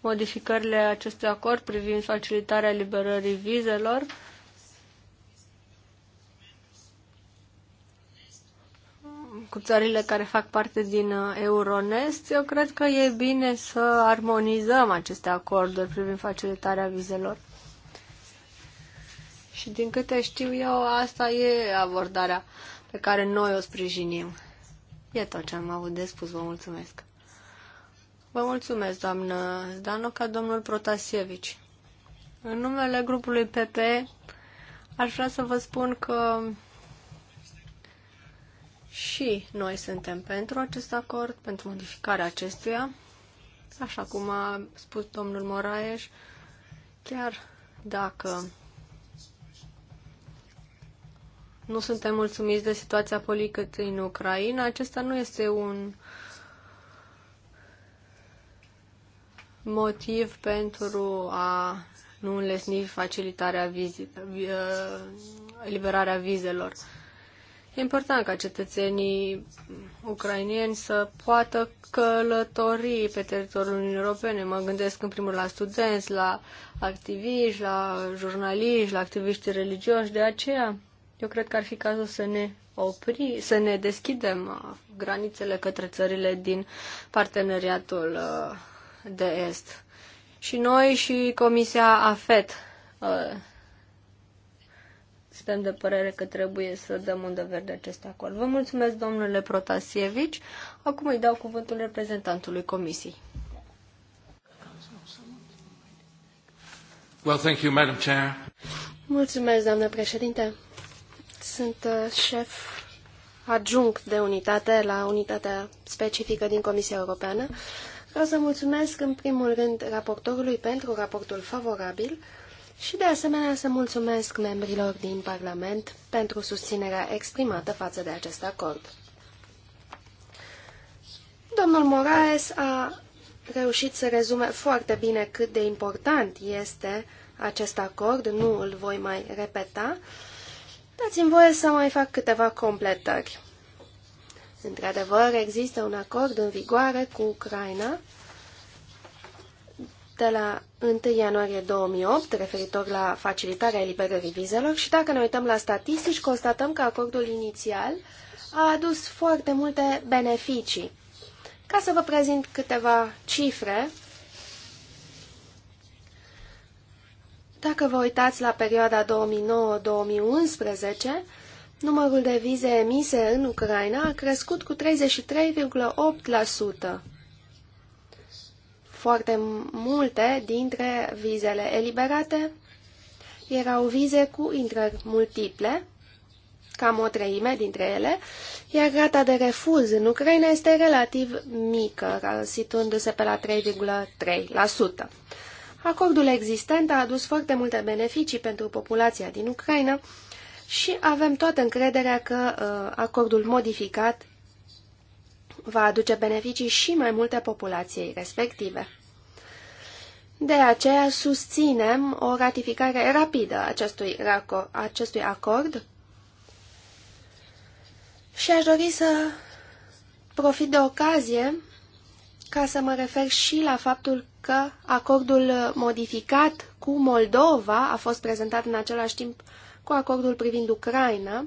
modificările acestui acord privind facilitarea liberării vizelor, cu țările care fac parte din uh, Euronest, eu cred că e bine să armonizăm aceste acorduri privind facilitarea vizelor. Și din câte știu eu, asta e abordarea pe care noi o sprijinim. E tot ce am avut de spus, vă mulțumesc. Vă mulțumesc, doamnă Zdanoca, domnul Protasievici. În numele grupului PP aș vrea să vă spun că și noi suntem pentru acest acord, pentru modificarea acestuia. Așa cum a spus domnul Moraes, chiar dacă nu suntem mulțumiți de situația politică din Ucraina. Acesta nu este un motiv pentru a nu înlesni facilitarea vizită, uh, eliberarea vizelor. E important ca cetățenii ucrainieni să poată călători pe teritoriul Uniunii Europene. Mă gândesc în primul la studenți, la activiști, la jurnaliști, la activiști religioși. De aceea eu cred că ar fi cazul să ne opri, să ne deschidem uh, granițele către țările din parteneriatul uh, de est. Și noi și Comisia AFET uh, suntem de părere că trebuie să dăm undă verde acest acord. Vă mulțumesc, domnule Protasievici. Acum îi dau cuvântul reprezentantului Comisiei. Well, thank you, Madam Chair. Mulțumesc, doamnă președinte. Sunt uh, șef adjunct de unitate la unitatea specifică din Comisia Europeană. Vreau să mulțumesc în primul rând raportorului pentru raportul favorabil și de asemenea să mulțumesc membrilor din Parlament pentru susținerea exprimată față de acest acord. Domnul Moraes a reușit să rezume foarte bine cât de important este acest acord, nu îl voi mai repeta, Dați-mi voie să mai fac câteva completări. Într-adevăr, există un acord în vigoare cu Ucraina de la 1 ianuarie 2008 referitor la facilitarea eliberării vizelor și dacă ne uităm la statistici, constatăm că acordul inițial a adus foarte multe beneficii. Ca să vă prezint câteva cifre, Dacă vă uitați la perioada 2009-2011, numărul de vize emise în Ucraina a crescut cu 33,8%. Foarte multe dintre vizele eliberate erau vize cu intrări multiple, cam o treime dintre ele, iar rata de refuz în Ucraina este relativ mică, situându-se pe la 3,3%. Acordul existent a adus foarte multe beneficii pentru populația din Ucraina și avem toată încrederea că uh, acordul modificat va aduce beneficii și mai multe populației respective. De aceea susținem o ratificare rapidă acestui, acestui acord și aș dori să profit de ocazie ca să mă refer și la faptul că acordul modificat cu Moldova a fost prezentat în același timp cu acordul privind Ucraina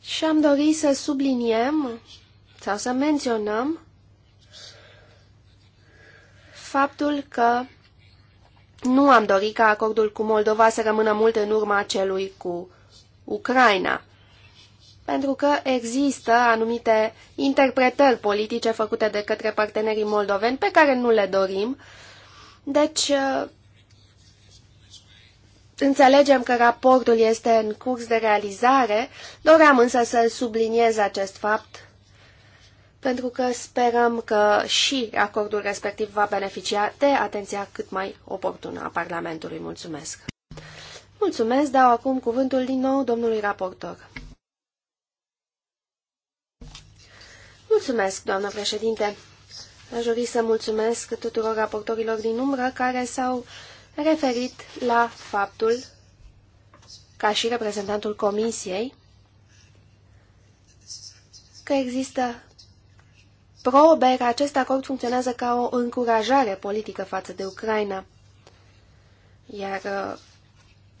și am dorit să subliniem sau să menționăm faptul că nu am dorit ca acordul cu Moldova să rămână mult în urma celui cu Ucraina pentru că există anumite interpretări politice făcute de către partenerii moldoveni pe care nu le dorim. Deci, uh, înțelegem că raportul este în curs de realizare, doream însă să subliniez acest fapt, pentru că sperăm că și acordul respectiv va beneficia de atenția cât mai oportună a Parlamentului. Mulțumesc! Mulțumesc, dau acum cuvântul din nou domnului raportor. Mulțumesc, doamnă președinte. Aș dori să mulțumesc tuturor raportorilor din umbră care s-au referit la faptul, ca și reprezentantul Comisiei, că există probe că acest acord funcționează ca o încurajare politică față de Ucraina. Iar uh,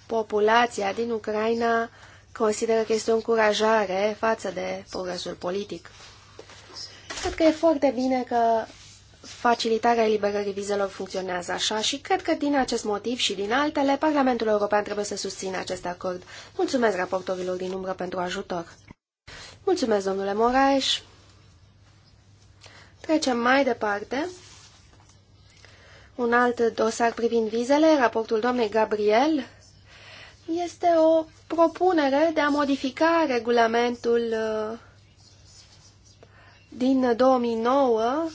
populația din Ucraina consideră că este o încurajare față de progresul politic. Cred că e foarte bine că facilitarea eliberării vizelor funcționează așa și cred că din acest motiv și din altele, Parlamentul European trebuie să susțină acest acord. Mulțumesc raportorilor din umbră pentru ajutor. Mulțumesc, domnule Moraes. Trecem mai departe. Un alt dosar privind vizele, raportul doamnei Gabriel, este o propunere de a modifica regulamentul uh, din 2009,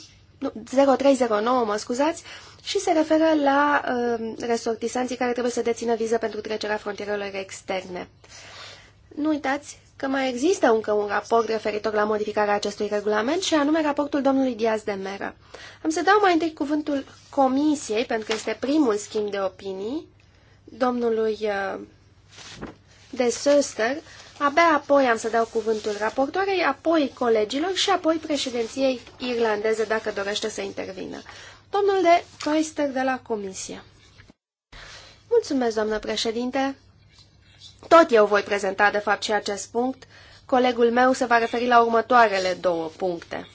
0309, mă scuzați, și se referă la uh, resortisanții care trebuie să dețină viză pentru trecerea frontierelor externe. Nu uitați că mai există încă un raport referitor la modificarea acestui regulament și anume raportul domnului Diaz de Mera. Am să dau mai întâi cuvântul comisiei, pentru că este primul schimb de opinii, domnului uh, de Söster, Abia apoi am să dau cuvântul raportoarei, apoi colegilor și apoi președinției irlandeze, dacă dorește să intervină. Domnule Toister de la Comisie. Mulțumesc, doamnă președinte. Tot eu voi prezenta, de fapt, și acest punct. Colegul meu se va referi la următoarele două puncte.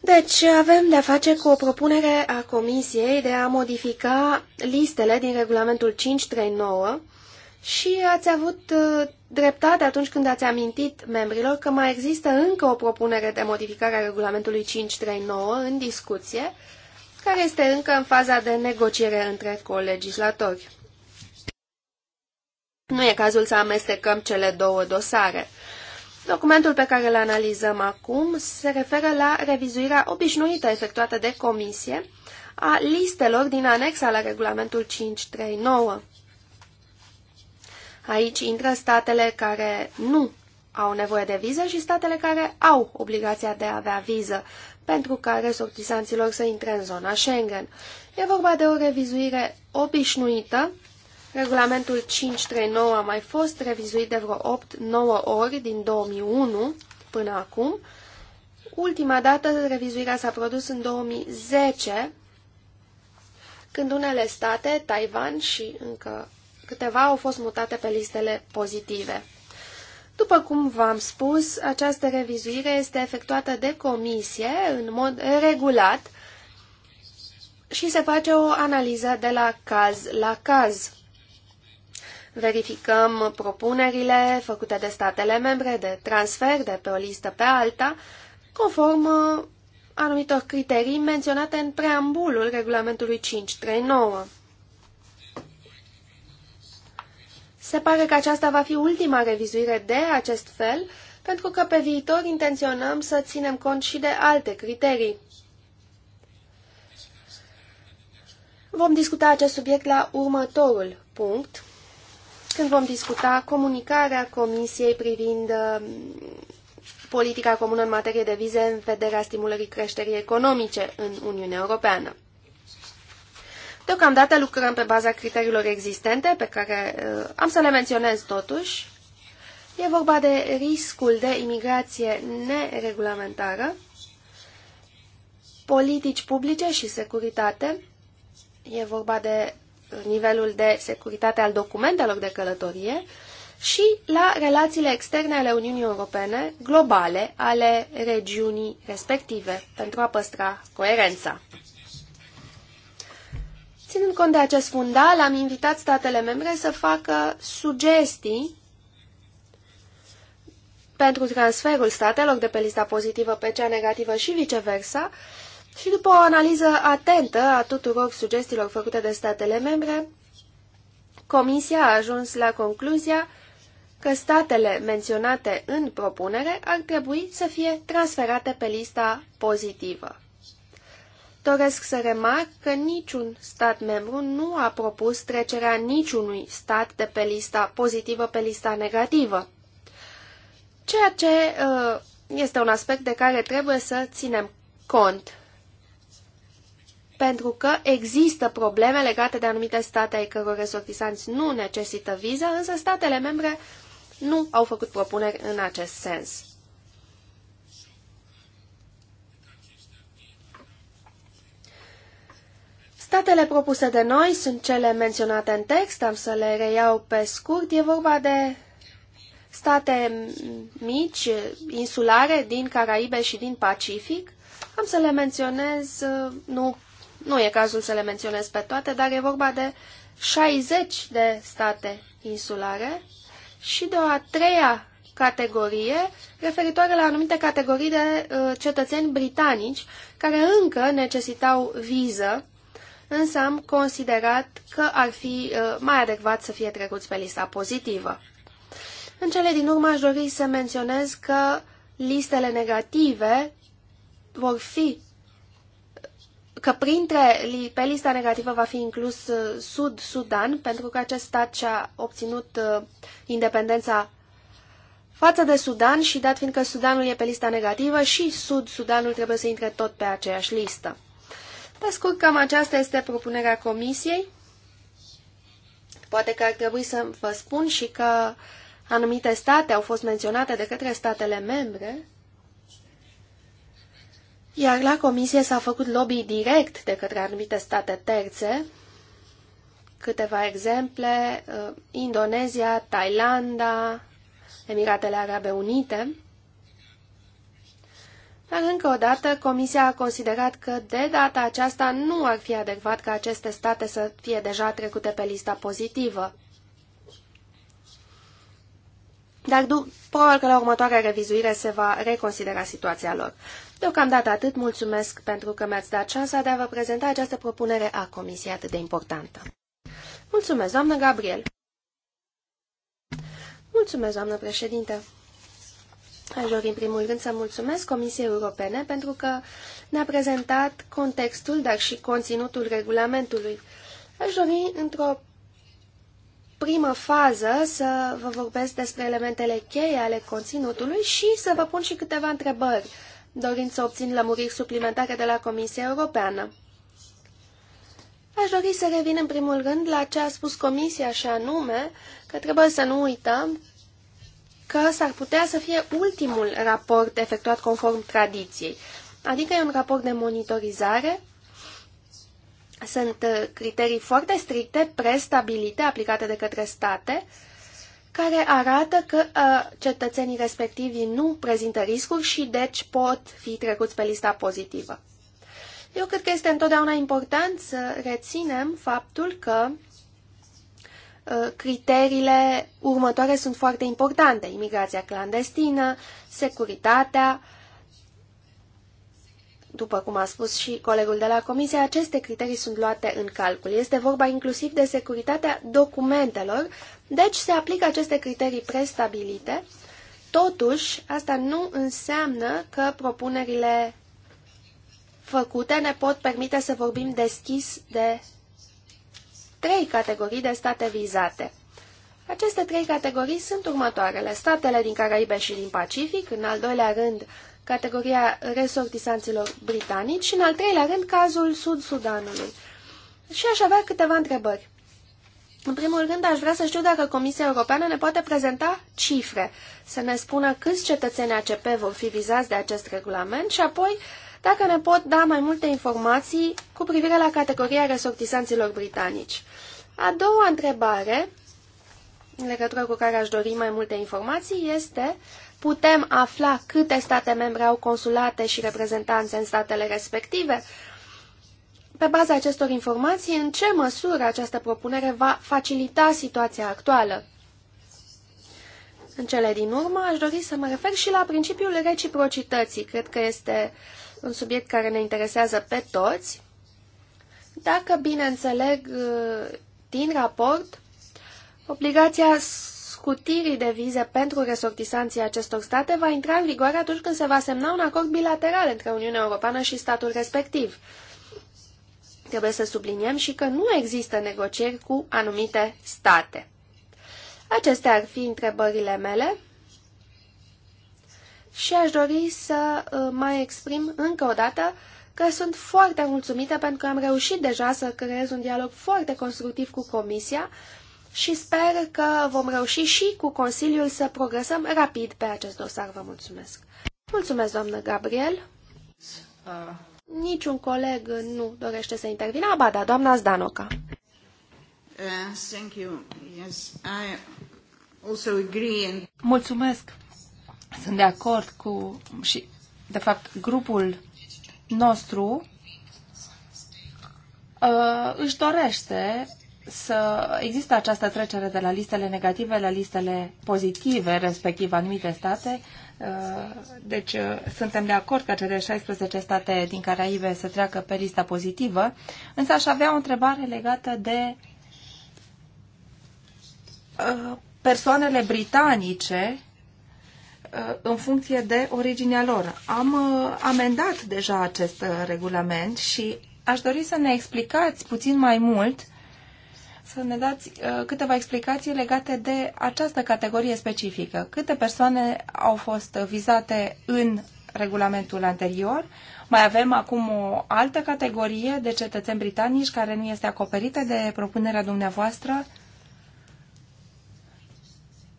Deci, avem de-a face cu o propunere a Comisiei de a modifica listele din regulamentul 539 și ați avut uh, dreptate atunci când ați amintit membrilor că mai există încă o propunere de modificare a regulamentului 539 în discuție, care este încă în faza de negociere între colegislatori. Nu e cazul să amestecăm cele două dosare. Documentul pe care îl analizăm acum se referă la revizuirea obișnuită efectuată de comisie a listelor din anexa la regulamentul 539. Aici intră statele care nu au nevoie de viză și statele care au obligația de a avea viză pentru ca resortisanților să intre în zona Schengen. E vorba de o revizuire obișnuită. Regulamentul 539 a mai fost revizuit de vreo 8-9 ori din 2001 până acum. Ultima dată revizuirea s-a produs în 2010, când unele state, Taiwan și încă câteva au fost mutate pe listele pozitive. După cum v-am spus, această revizuire este efectuată de comisie în mod regulat și se face o analiză de la caz la caz. Verificăm propunerile făcute de statele membre de transfer de pe o listă pe alta, conform anumitor criterii menționate în preambulul regulamentului 539. Se pare că aceasta va fi ultima revizuire de acest fel, pentru că pe viitor intenționăm să ținem cont și de alte criterii. Vom discuta acest subiect la următorul punct, când vom discuta comunicarea Comisiei privind um, politica comună în materie de vize în vederea stimulării creșterii economice în Uniunea Europeană. Deocamdată lucrăm pe baza criteriilor existente, pe care uh, am să le menționez totuși. E vorba de riscul de imigrație neregulamentară, politici publice și securitate, e vorba de nivelul de securitate al documentelor de călătorie și la relațiile externe ale Uniunii Europene, globale, ale regiunii respective, pentru a păstra coerența. Ținând cont de acest fundal, am invitat statele membre să facă sugestii pentru transferul statelor de pe lista pozitivă pe cea negativă și viceversa, și după o analiză atentă a tuturor sugestiilor făcute de statele membre, Comisia a ajuns la concluzia că statele menționate în propunere ar trebui să fie transferate pe lista pozitivă. Doresc să remarc că niciun stat membru nu a propus trecerea niciunui stat de pe lista pozitivă pe lista negativă, ceea ce uh, este un aspect de care trebuie să ținem cont, pentru că există probleme legate de anumite state ai căror resortisanți nu necesită viză, însă statele membre nu au făcut propuneri în acest sens. Statele propuse de noi sunt cele menționate în text, am să le reiau pe scurt. E vorba de state mici, insulare, din Caraibe și din Pacific. Am să le menționez, nu, nu e cazul să le menționez pe toate, dar e vorba de 60 de state insulare și de o a treia categorie referitoare la anumite categorii de uh, cetățeni britanici care încă necesitau viză însă am considerat că ar fi uh, mai adecvat să fie trecuți pe lista pozitivă. În cele din urmă aș dori să menționez că listele negative vor fi că printre, pe lista negativă va fi inclus uh, Sud-Sudan, pentru că acest stat și-a obținut uh, independența față de Sudan și dat fiindcă Sudanul e pe lista negativă și Sud-Sudanul trebuie să intre tot pe aceeași listă. Pe scurt, cam aceasta este propunerea comisiei. Poate că ar trebui să vă spun și că anumite state au fost menționate de către statele membre, iar la comisie s-a făcut lobby direct de către anumite state terțe, câteva exemple, uh, Indonezia, Thailanda, Emiratele Arabe Unite, dar încă o dată, Comisia a considerat că de data aceasta nu ar fi adecvat ca aceste state să fie deja trecute pe lista pozitivă. Dar probabil că la următoarea revizuire se va reconsidera situația lor. Deocamdată atât, mulțumesc pentru că mi-ați dat șansa de a vă prezenta această propunere a Comisiei atât de importantă. Mulțumesc, doamnă Gabriel. Mulțumesc, doamnă președinte. Aș dori în primul rând să mulțumesc Comisiei Europene pentru că ne-a prezentat contextul, dar și conținutul regulamentului. Aș dori într-o primă fază să vă vorbesc despre elementele cheie ale conținutului și să vă pun și câteva întrebări, dorind să obțin lămuriri suplimentare de la Comisia Europeană. Aș dori să revin în primul rând la ce a spus Comisia și anume că trebuie să nu uităm că s-ar putea să fie ultimul raport efectuat conform tradiției. Adică e un raport de monitorizare, sunt uh, criterii foarte stricte, prestabilite, aplicate de către state, care arată că uh, cetățenii respectivi nu prezintă riscuri și deci pot fi trecuți pe lista pozitivă. Eu cred că este întotdeauna important să reținem faptul că Uh, criteriile următoare sunt foarte importante. Imigrația clandestină, securitatea, după cum a spus și colegul de la comisie, aceste criterii sunt luate în calcul. Este vorba inclusiv de securitatea documentelor, deci se aplică aceste criterii prestabilite. Totuși, asta nu înseamnă că propunerile făcute ne pot permite să vorbim deschis de trei categorii de state vizate. Aceste trei categorii sunt următoarele. Statele din Caraibe și din Pacific, în al doilea rând categoria resortisanților britanici și în al treilea rând cazul Sud-Sudanului. Și aș avea câteva întrebări. În primul rând, aș vrea să știu dacă Comisia Europeană ne poate prezenta cifre, să ne spună câți cetățeni ACP vor fi vizați de acest regulament și apoi uh, dacă ne pot da mai multe informații cu privire la categoria resortisanților britanici. A doua întrebare, în legătură cu care aș dori mai multe informații, este putem afla câte state membre au consulate și reprezentanțe în statele respective? Pe baza acestor informații, în ce măsură această propunere va facilita situația actuală? În cele din urmă, aș dori să mă refer și la principiul reciprocității. Cred că este uh, un subiect care ne interesează pe toți. Dacă bine înțeleg din raport, obligația scutirii de vize pentru resortisanții acestor state va intra în vigoare atunci când se va semna un acord bilateral între Uniunea Europeană și statul respectiv. Trebuie să subliniem și că nu există negocieri cu anumite state. Acestea ar fi întrebările mele și aș dori să uh, mai exprim încă o dată că sunt foarte mulțumită pentru că am reușit deja să creez un dialog foarte constructiv cu Comisia și sper că vom reuși și cu Consiliul să progresăm rapid pe acest dosar. Vă mulțumesc! Mulțumesc, doamnă Gabriel! Uh. Niciun coleg nu dorește să intervină. Aba, da, doamna Zdanoca. Mulțumesc! Sunt de acord cu și, de fapt, grupul nostru uh, își dorește să există această trecere de la listele negative la listele pozitive, respectiv anumite state. Uh, deci uh, suntem de acord ca cele 16 state din Caraibe să treacă pe lista pozitivă, însă aș avea o întrebare legată de uh, persoanele britanice Uh, în funcție de originea lor. Am uh, amendat deja acest uh, regulament și aș dori să ne explicați puțin mai mult, să ne dați câteva explicații legate de această categorie specifică. Câte persoane au fost vizate în regulamentul anterior? Mai avem acum o altă categorie de cetățeni britanici care nu este acoperită de propunerea dumneavoastră?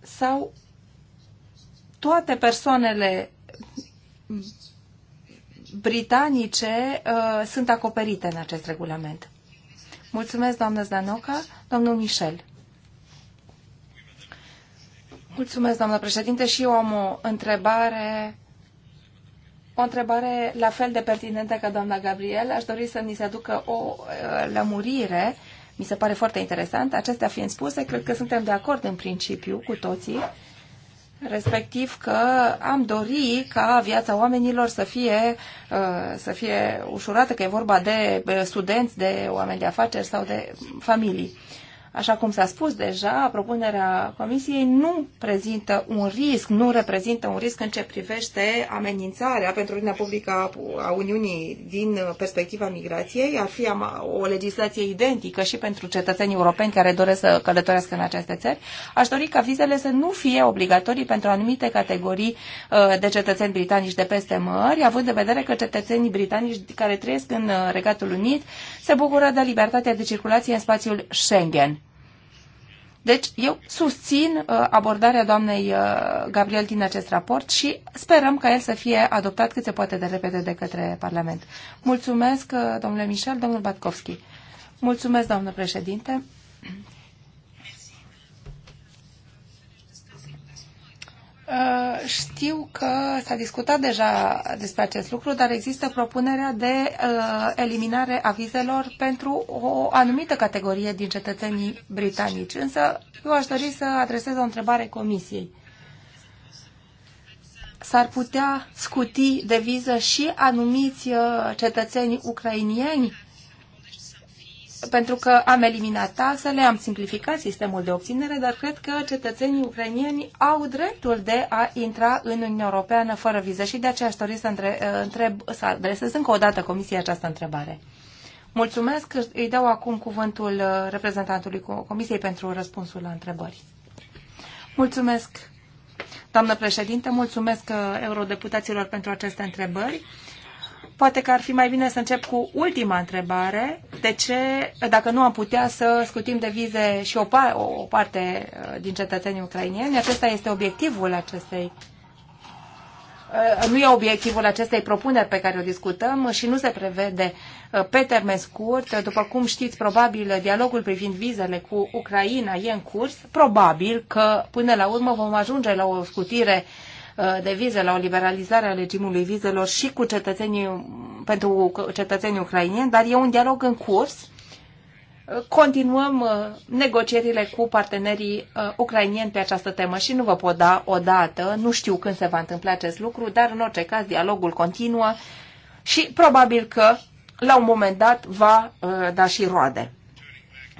Sau toate persoanele britanice uh, sunt acoperite în acest regulament. Mulțumesc, doamnă Zdanoca. Domnul Michel. Mulțumesc, doamnă președinte, și eu am o întrebare o întrebare la fel de pertinentă ca doamna Gabriel. Aș dori să ni se aducă o uh, lămurire. Mi se pare foarte interesant. Acestea fiind spuse, cred că suntem de acord în principiu cu toții respectiv că am dori ca viața oamenilor să fie, uh, să fie ușurată, că e vorba de uh, studenți, de oameni de afaceri sau de familii. Așa cum s-a spus deja, propunerea Comisiei nu prezintă un risc, nu reprezintă un risc în ce privește amenințarea pentru ordinea publică a Uniunii din perspectiva migrației. Ar fi o legislație identică și pentru cetățenii europeni care doresc să călătorească în aceste țări. Aș dori ca vizele să nu fie obligatorii pentru anumite categorii uh, de cetățeni britanici de peste mări, având în vedere că cetățenii britanici care trăiesc în uh, Regatul Unit se bucură de libertatea de circulație în spațiul Schengen. Deci eu susțin uh, abordarea doamnei uh, Gabriel din acest raport și sperăm ca el să fie adoptat cât se poate de repede de către Parlament. Mulțumesc, uh, domnule Michel, domnul Batkovski. Mulțumesc, doamnă președinte. Uh, știu că s-a discutat deja despre acest lucru, dar există propunerea de uh, eliminare a vizelor pentru o anumită categorie din cetățenii britanici. Însă eu aș dori să adresez o întrebare comisiei. S-ar putea scuti de viză și anumiți uh, cetățeni ucrainieni pentru că am eliminat taxele, am simplificat sistemul de obținere, dar cred că cetățenii ucrainieni au dreptul de a intra în Uniunea Europeană fără viză și de aceea aș dori să, între, uh, întreb, să adresez încă o dată Comisiei această întrebare. Mulțumesc, îi dau acum cuvântul uh, reprezentantului Comisiei pentru răspunsul la întrebări. Mulțumesc, doamnă președinte, mulțumesc uh, eurodeputaților pentru aceste întrebări. Poate că ar fi mai bine să încep cu ultima întrebare. De ce, dacă nu am putea să scutim de vize și o, pa- o parte uh, din cetățenii ucrainieni, acesta este obiectivul acestei uh, nu e obiectivul acestei propuneri pe care o discutăm și nu se prevede uh, pe termen scurt. După cum știți, probabil dialogul privind vizele cu Ucraina e în curs. Probabil că până la urmă vom ajunge la o scutire Uh, de vize, la o liberalizare a regimului vizelor și cu cetățenii, pentru cetățenii ucrainieni, dar e un dialog în curs. Uh, continuăm uh, negocierile cu partenerii ucrainieni pe această temă și nu vă pot da o dată, nu știu când se va întâmpla acest lucru, dar în orice caz dialogul continuă și probabil că la un moment dat va da și roade.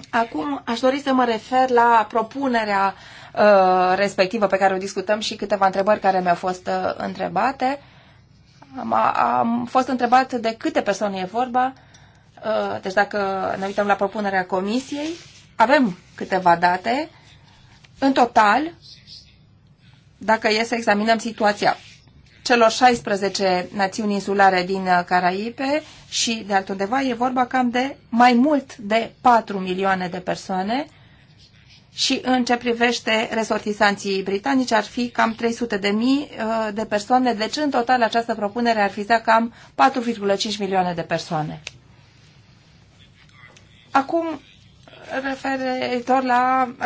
Acum aș dori să mă refer la propunerea uh, respectivă pe care o discutăm și câteva întrebări care mi-au fost uh, întrebate. Am, am fost întrebat de câte persoane e vorba, uh, deci dacă ne uităm la propunerea comisiei, avem câteva date. În total, dacă e să examinăm situația celor 16 națiuni insulare din uh, Caraibe și de altundeva e vorba cam de mai mult de 4 milioane de persoane și în ce privește resortisanții britanici ar fi cam 300 de mii uh, de persoane, deci în total această propunere ar viza cam 4,5 milioane de persoane. Acum, referitor la uh,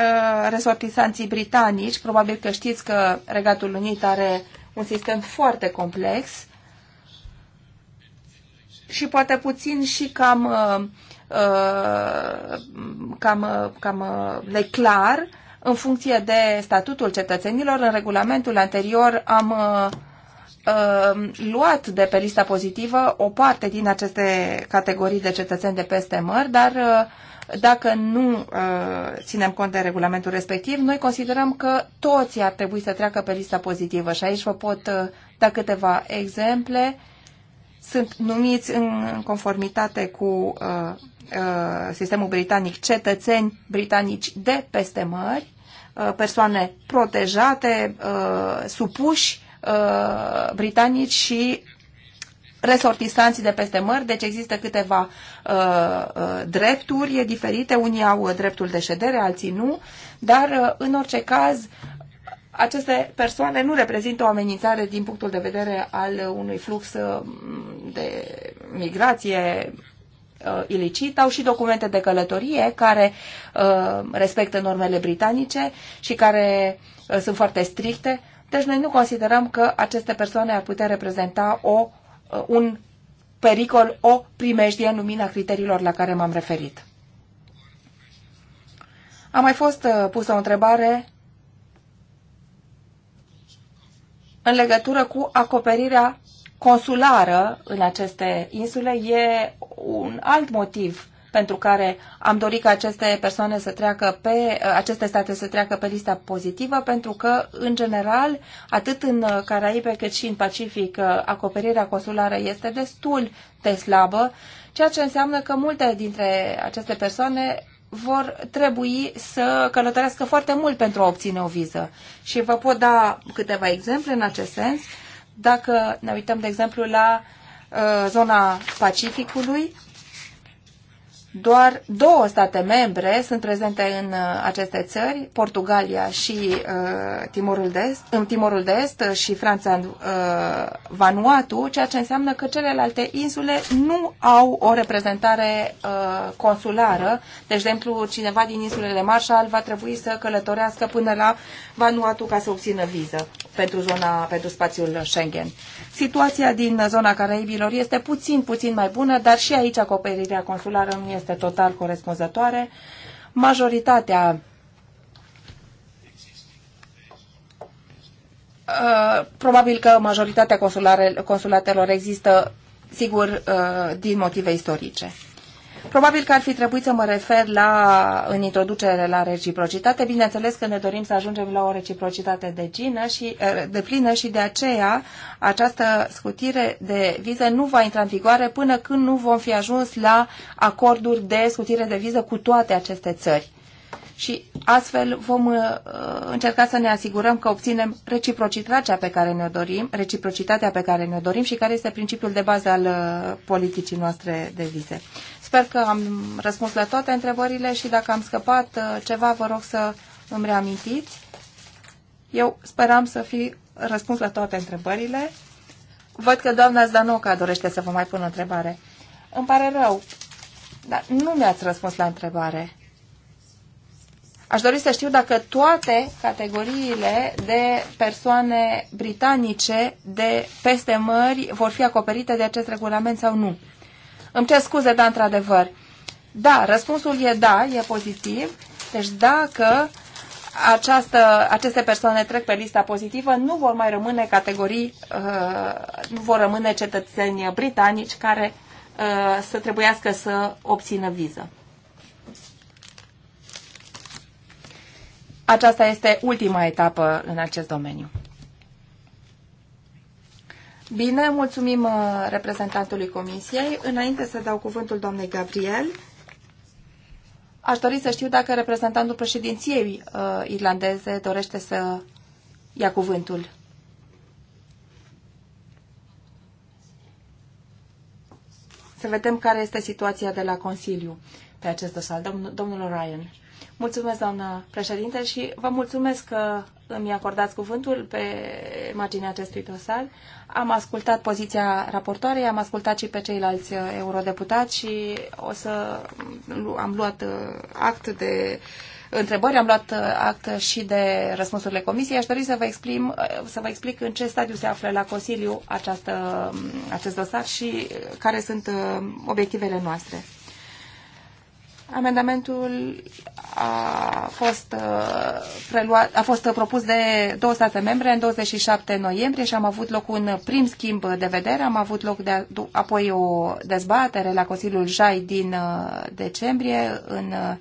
resortisanții britanici, probabil că știți că Regatul Unit are un sistem foarte complex și poate puțin și cam, uh, uh, cam, uh, cam neclar în funcție de statutul cetățenilor. În regulamentul anterior am luat de pe lista pozitivă o parte din aceste categorii de cetățeni de peste măr, dar uh, dacă nu uh, ținem cont de regulamentul respectiv, noi considerăm că toți ar trebui să treacă pe lista pozitivă și aici vă pot uh, da câteva exemple. Sunt numiți în conformitate cu uh, uh, sistemul britanic cetățeni britanici de peste mări, uh, persoane protejate, uh, supuși uh, britanici și resortisanții de peste mări, deci există câteva uh, uh, drepturi diferite, unii au dreptul de ședere, alții nu, dar uh, în orice caz aceste persoane nu reprezintă o amenințare din punctul de vedere al unui flux uh, de migrație uh, ilicit, au și documente de călătorie care uh, respectă normele britanice și care uh, sunt foarte stricte. Deci noi nu considerăm că aceste persoane ar putea reprezenta o Uh, un pericol, o primejdie în lumina criteriilor la care m-am referit. A mai fost uh, pusă o întrebare în legătură cu acoperirea consulară în aceste insule. E un alt motiv pentru care am dorit ca aceste persoane să treacă pe, aceste state să treacă pe lista pozitivă, pentru că, în general, atât în Caraibe cât și în Pacific, acoperirea consulară este destul de slabă, ceea ce înseamnă că multe dintre aceste persoane vor trebui să călătorească foarte mult pentru a obține o viză. Și vă pot da câteva exemple în acest sens. Dacă ne uităm, de exemplu, la uh, zona Pacificului, doar două state membre sunt prezente în uh, aceste țări, Portugalia și uh, Timorul, de Est, în Timorul de Est uh, și Franța în uh, Vanuatu, ceea ce înseamnă că celelalte insule nu au o reprezentare uh, consulară. Deci, de exemplu, cineva din insulele Marshall va trebui să călătorească până la Vanuatu ca să obțină viză pentru zona, pentru spațiul Schengen. Situația din zona Caraibilor este puțin, puțin mai bună, dar și aici acoperirea consulară nu este total corespunzătoare. Majoritatea uh, probabil că majoritatea consulatelor există, sigur, uh, din motive istorice. Probabil că ar fi trebuit să mă refer la, în introducere la reciprocitate. Bineînțeles că ne dorim să ajungem la o reciprocitate de, gină și, eh, de plină și de aceea această scutire de viză nu va intra în vigoare până când nu vom fi ajuns la acorduri de scutire de viză cu toate aceste țări și astfel vom uh, încerca să ne asigurăm că obținem reciprocitatea pe care ne-o dorim, reciprocitatea pe care ne-o dorim și care este principiul de bază al uh, politicii noastre de vize. Sper că am răspuns la toate întrebările și dacă am scăpat uh, ceva, vă rog să îmi reamintiți. Eu speram să fi răspuns la toate întrebările. Văd că doamna Zdanoca dorește să vă mai pun o întrebare. Îmi pare rău, dar nu mi-ați răspuns la întrebare. Aș dori să știu dacă toate categoriile de persoane britanice de peste mări vor fi acoperite de acest regulament sau nu. Îmi cer scuze, dar într-adevăr. Da, răspunsul e da, e pozitiv. Deci dacă această, aceste persoane trec pe lista pozitivă, nu vor mai rămâne categorii, uh, nu vor rămâne cetățeni britanici care uh, să trebuiască să obțină viză. Aceasta este ultima etapă în acest domeniu. Bine, mulțumim uh, reprezentantului Comisiei. Înainte să dau cuvântul doamnei Gabriel, aș dori să știu dacă reprezentantul președinției uh, irlandeze dorește să ia cuvântul. Să vedem care este situația de la Consiliu pe acest dosar. Domnul, domnul Ryan. Mulțumesc, doamnă președinte, și vă mulțumesc că îmi acordați cuvântul pe marginea acestui dosar. Am ascultat poziția raportoarei, am ascultat și pe ceilalți uh, eurodeputați și o să mm, am luat uh, act de întrebări, am luat uh, act și de răspunsurile comisiei. Aș dori să vă, exprim, să vă explic în ce stadiu se află la Consiliu această, mm, acest dosar și care sunt obiectivele noastre. Amendamentul a fost, uh, preluat, a fost propus de două state membre în 27 noiembrie și am avut loc un prim schimb de vedere, am avut loc de, apoi o dezbatere la Consiliul JAI din uh, decembrie, în uh,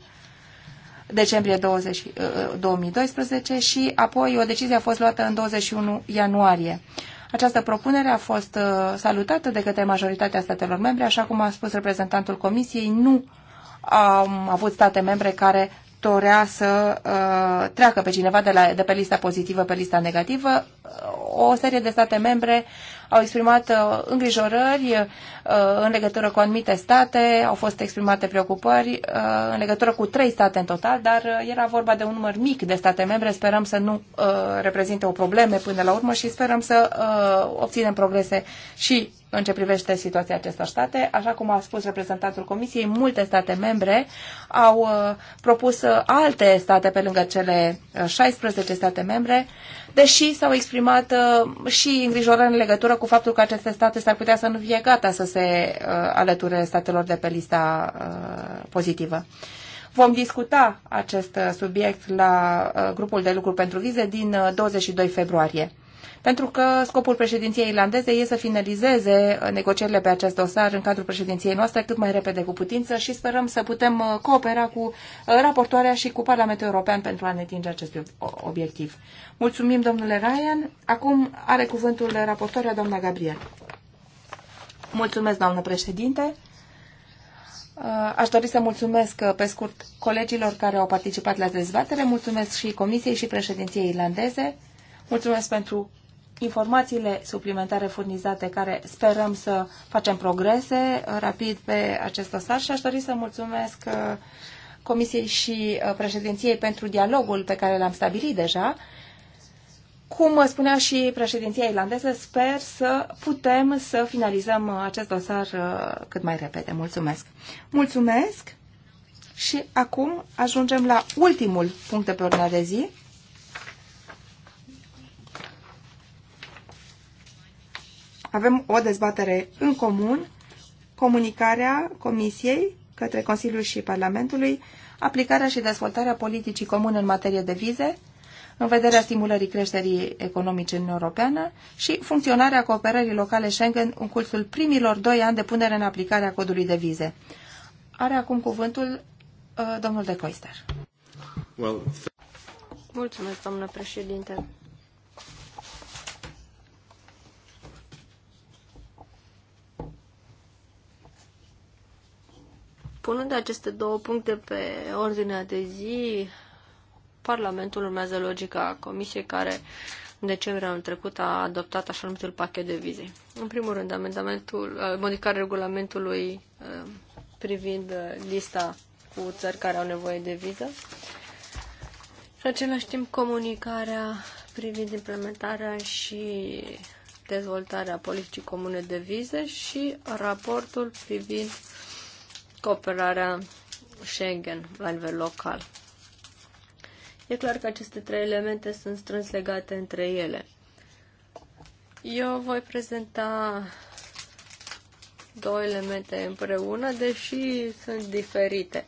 decembrie 20, 2012 și apoi o decizie a fost luată în 21 ianuarie. Această propunere a fost salutată de către majoritatea statelor membre, așa cum a spus reprezentantul Comisiei, nu am avut state membre care dorea să uh, treacă pe cineva de, la, de pe lista pozitivă pe lista negativă. O serie de state membre au exprimat uh, îngrijorări uh, în legătură cu anumite state, au fost exprimate preocupări uh, în legătură cu trei state în total, dar uh, era vorba de un număr mic de state membre. Sperăm să nu uh, reprezinte o probleme până la urmă și sperăm să uh, obținem progrese și în ce privește situația acestor state. Așa cum a spus reprezentantul Comisiei, multe state membre au uh, propus uh, alte state pe lângă cele 16 uh, state membre, deși s-au exprimat și îngrijorări în legătură cu faptul că aceste state s-ar putea să nu fie gata să se alăture statelor de pe lista pozitivă. Vom discuta acest subiect la grupul de lucru pentru vize din 22 februarie. Pentru că scopul președinției irlandeze e să finalizeze negocierile pe acest dosar în cadrul președinției noastre cât mai repede cu putință și sperăm să putem uh, coopera cu uh, raportoarea și cu Parlamentul European pentru a ne atinge acest obiectiv. Mulțumim, domnule Ryan. Acum are cuvântul raportoarea, doamna Gabriel. Mulțumesc, doamnă președinte. Uh, aș dori să mulțumesc pe scurt colegilor care au participat la dezbatere, mulțumesc și Comisiei și președinției irlandeze Mulțumesc pentru informațiile suplimentare furnizate care sperăm să facem progrese rapid pe acest dosar și aș dori să mulțumesc uh, Comisiei și uh, președinției pentru dialogul pe care l-am stabilit deja. Cum spunea și președinția irlandeză, sper să putem să finalizăm uh, acest dosar cât mai repede. Mulțumesc! Mulțumesc! Și acum ajungem la ultimul punct de pe ordinea de zi, avem o dezbatere în comun, comunicarea Comisiei către Consiliul și Parlamentului, aplicarea și dezvoltarea politicii comune în materie de vize, în vederea stimulării creșterii economice în Europeană și funcționarea cooperării locale Schengen în cursul primilor doi ani de punere în aplicare a codului de vize. Are acum cuvântul uh, domnul de Coister. Well, Mulțumesc, domnule președinte. Punând aceste două puncte pe ordinea de zi, Parlamentul urmează logica Comisiei care în decembrie anul trecut a adoptat așa numitul pachet de vize. În primul rând, amendamentul, uh, modificarea regulamentului uh, privind uh, lista cu țări care au nevoie de viză. Și în același timp comunicarea privind implementarea și dezvoltarea politicii comune de vize și raportul privind uh, cooperarea Schengen la nivel local. E clar că aceste trei elemente sunt strâns legate între ele. Eu voi prezenta două elemente împreună, deși sunt diferite.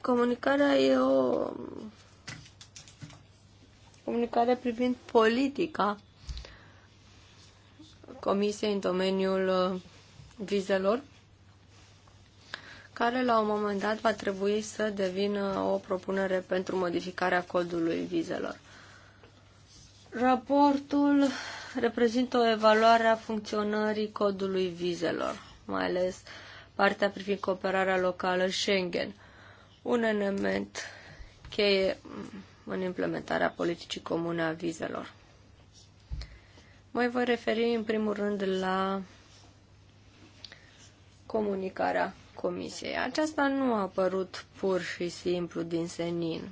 Comunicarea e o comunicare privind politica Comisiei în domeniul vizelor, care la un moment dat va trebui să devină o propunere pentru modificarea codului vizelor. Raportul reprezintă o evaluare a funcționării codului vizelor, mai ales partea privind cooperarea locală Schengen, un element cheie în implementarea politicii comune a vizelor. Mă voi referi în primul rând la comunicarea comisiei. Aceasta nu a apărut pur și simplu din senin.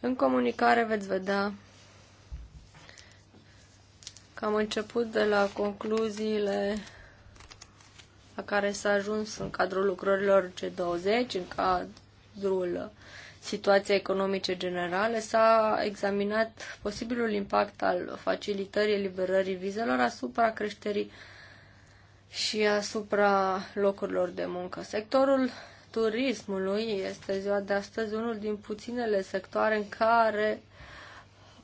În comunicare veți vedea că am început de la concluziile la care s-a ajuns în cadrul lucrărilor c 20 în cadrul situația economice generale, s-a examinat posibilul impact al facilitării eliberării vizelor asupra creșterii și asupra locurilor de muncă. Sectorul turismului este ziua de astăzi unul din puținele sectoare în care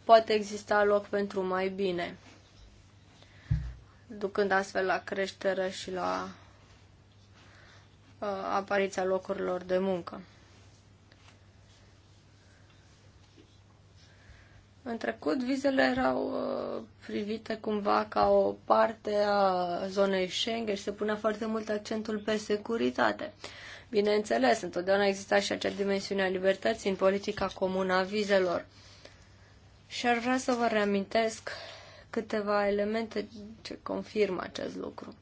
poate exista loc pentru mai bine, ducând astfel la creștere și la uh, apariția locurilor de muncă. În trecut, vizele erau uh, privite cumva ca o parte a zonei Schengen și se punea foarte mult accentul pe securitate. Bineînțeles, întotdeauna exista și acea dimensiune a libertății în politica comună a vizelor. Și ar vrea să vă reamintesc câteva elemente ce confirmă acest lucru.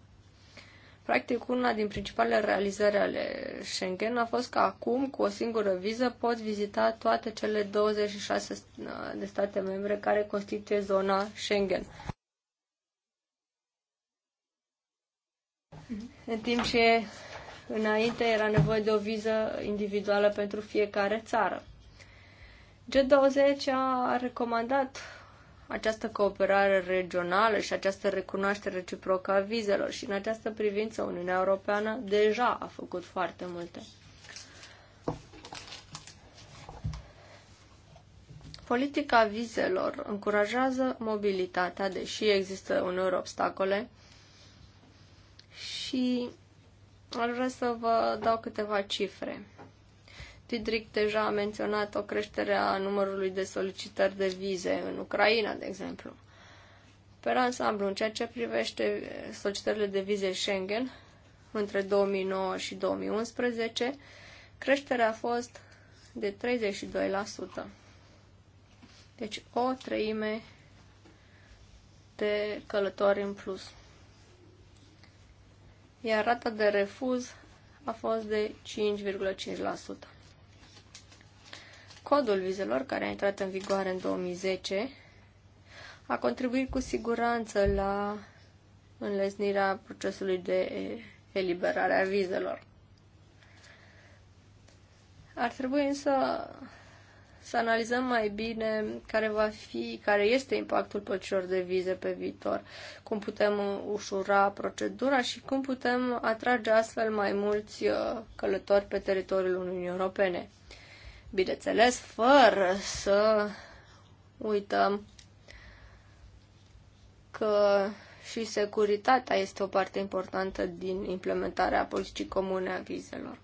Practic, una din principalele realizări ale Schengen a fost că acum, cu o singură viză, poți vizita toate cele 26 uh, de state membre care constituie zona Schengen. În timp ce înainte era nevoie de o viză individuală pentru fiecare țară. G20 a recomandat această cooperare regională și această recunoaștere reciprocă a vizelor și în această privință Uniunea Europeană deja a făcut foarte multe. Politica vizelor încurajează mobilitatea, deși există uneori obstacole și aș vrea să vă dau câteva cifre. Tidric deja a menționat o creștere a numărului de solicitări de vize în Ucraina, de exemplu. Pe ansamblu, în ceea ce privește solicitările de vize Schengen, între 2009 și 2011, creșterea a fost de 32%. Deci o treime de călători în plus. Iar rata de refuz a fost de 5,5%. Codul vizelor, care a intrat în vigoare în 2010, a contribuit cu siguranță la înlesnirea procesului de eliberare a vizelor. Ar trebui însă să analizăm mai bine care va fi, care este impactul plăcilor de vize pe viitor, cum putem ușura procedura și cum putem atrage astfel mai mulți uh, călători pe teritoriul Uniunii Europene bineînțeles, fără să uităm că și securitatea este o parte importantă din implementarea politicii comune a vizelor.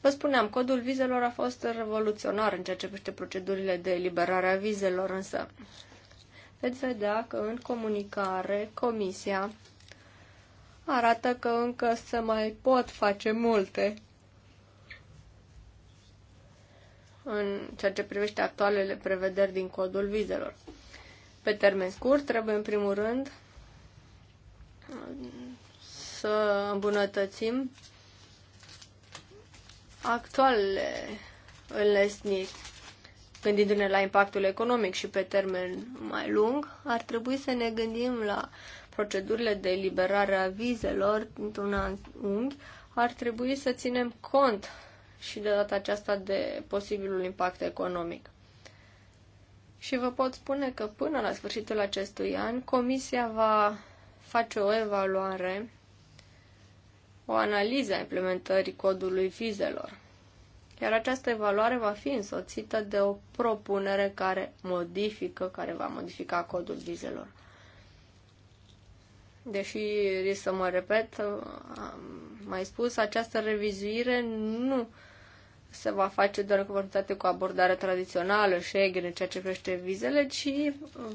Vă spuneam, codul vizelor a fost revoluționar în ceea ce privește procedurile de eliberare a vizelor, însă veți vedea că în comunicare Comisia arată că încă se mai pot face multe în ceea ce privește actualele prevederi din codul vizelor. Pe termen scurt, trebuie în primul rând să îmbunătățim actualele înlesniri. Gândindu-ne la impactul economic și pe termen mai lung, ar trebui să ne gândim la procedurile de eliberare a vizelor într-un unghi, ar trebui să ținem cont și de data aceasta de posibilul impact economic. Și vă pot spune că până la sfârșitul acestui an, Comisia va face o evaluare, o analiză a implementării codului vizelor. Iar această evaluare va fi însoțită de o propunere care modifică, care va modifica codul vizelor. Deși, să mă repet, am mai spus, această revizuire nu se va face doar în conformitate cu abordarea tradițională Schengen în ceea ce privește vizele, ci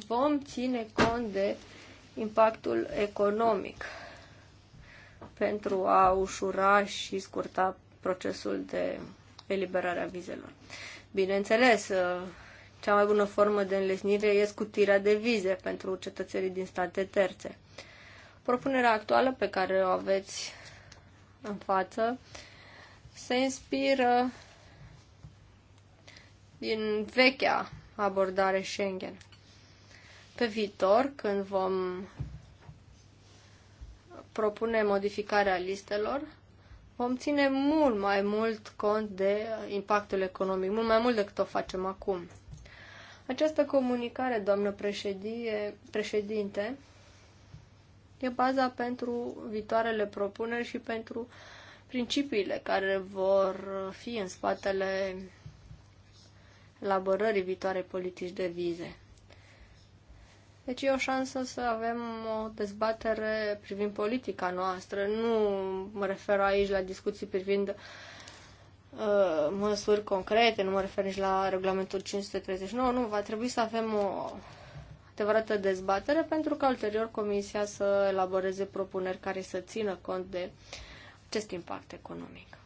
vom ține cont de impactul economic pentru a ușura și scurta procesul de eliberare a vizelor. Bineînțeles, cea mai bună formă de înlesnire este scutirea de vize pentru cetățenii din state terțe. Propunerea actuală pe care o aveți în față se inspiră din vechea abordare Schengen. Pe viitor, când vom propune modificarea listelor, vom ține mult mai mult cont de impactul economic, mult mai mult decât o facem acum. Această comunicare, doamnă președie, președinte, e baza pentru viitoarele propuneri și pentru principiile care vor fi în spatele elaborării viitoare politici de vize. Deci e o șansă să avem o dezbatere privind politica noastră. Nu mă refer aici la discuții privind uh, măsuri concrete, nu mă refer nici la regulamentul 539, nu, va trebui să avem o adevărată dezbatere pentru că ulterior Comisia să elaboreze propuneri care să țină cont de acest impact economic.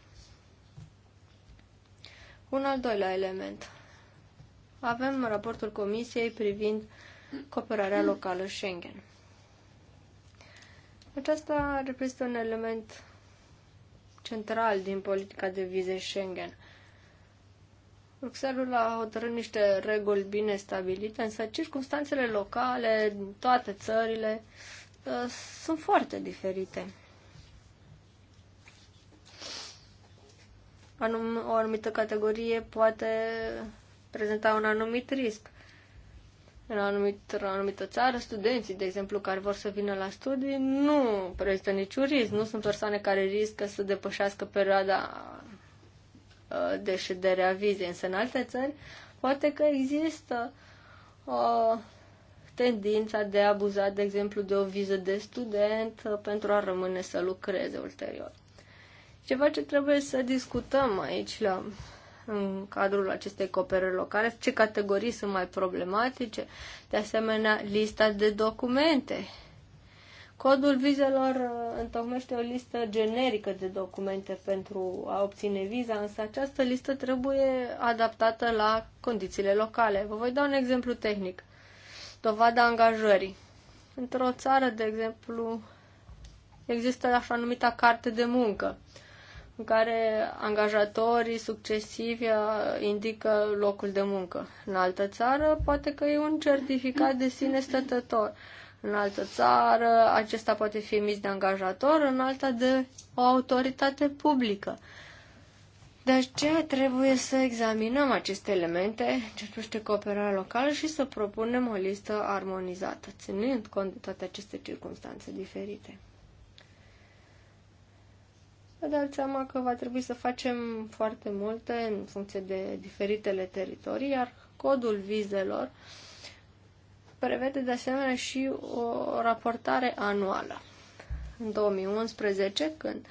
Un al doilea element avem raportul Comisiei privind cooperarea locală Schengen. Aceasta reprezintă un element central din politica de vize Schengen. Bruxelles a hotărât niște reguli bine stabilite, însă circunstanțele locale din toate țările uh, sunt foarte diferite. Anum, o anumită categorie poate prezenta un anumit risc. În anumit, o anumită țară, studenții, de exemplu, care vor să vină la studii, nu prezintă niciun risc. Nu sunt persoane care riscă să depășească perioada ă, de ședere a vizei. Însă, în alte țări, poate că există o ă, tendința de a abuza, de exemplu, de o viză de student ă, pentru a rămâne să lucreze ulterior. Ceva ce trebuie să discutăm aici la în cadrul acestei cooperări locale, ce categorii sunt mai problematice, de asemenea lista de documente. Codul vizelor uh, întocmește o listă generică de documente pentru a obține viza, însă această listă trebuie adaptată la condițiile locale. Vă voi da un exemplu tehnic. Dovada angajării. Într-o țară, de exemplu, există așa numita carte de muncă în care angajatorii succesivi uh, indică locul de muncă. În altă țară, poate că e un certificat de sine stătător. În altă țară, acesta poate fi emis de angajator, în alta de o autoritate publică. De ce trebuie să examinăm aceste elemente, ce privește cooperarea locală și să propunem o listă armonizată, ținând cont de toate aceste circunstanțe diferite vă dăm seama că va trebui să facem foarte multe în funcție de diferitele teritorii, iar codul vizelor prevede de asemenea și o raportare anuală. În 2011, când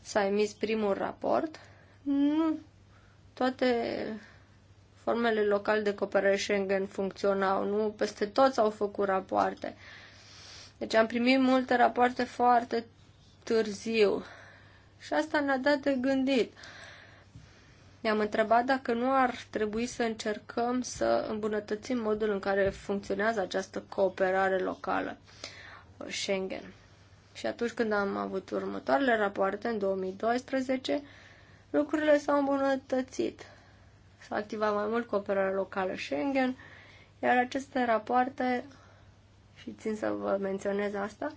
s-a emis primul raport, nu toate formele locale de cooperare Schengen funcționau, nu peste toți au făcut rapoarte. Deci am primit multe rapoarte foarte târziu și asta ne-a dat de gândit. Ne-am întrebat dacă nu ar trebui să încercăm să îmbunătățim modul în care funcționează această cooperare locală uh, Schengen. Și atunci când am avut următoarele rapoarte, în 2012, lucrurile s-au îmbunătățit. S-a activat mai mult cooperarea locală Schengen, iar aceste rapoarte, și țin să vă menționez asta,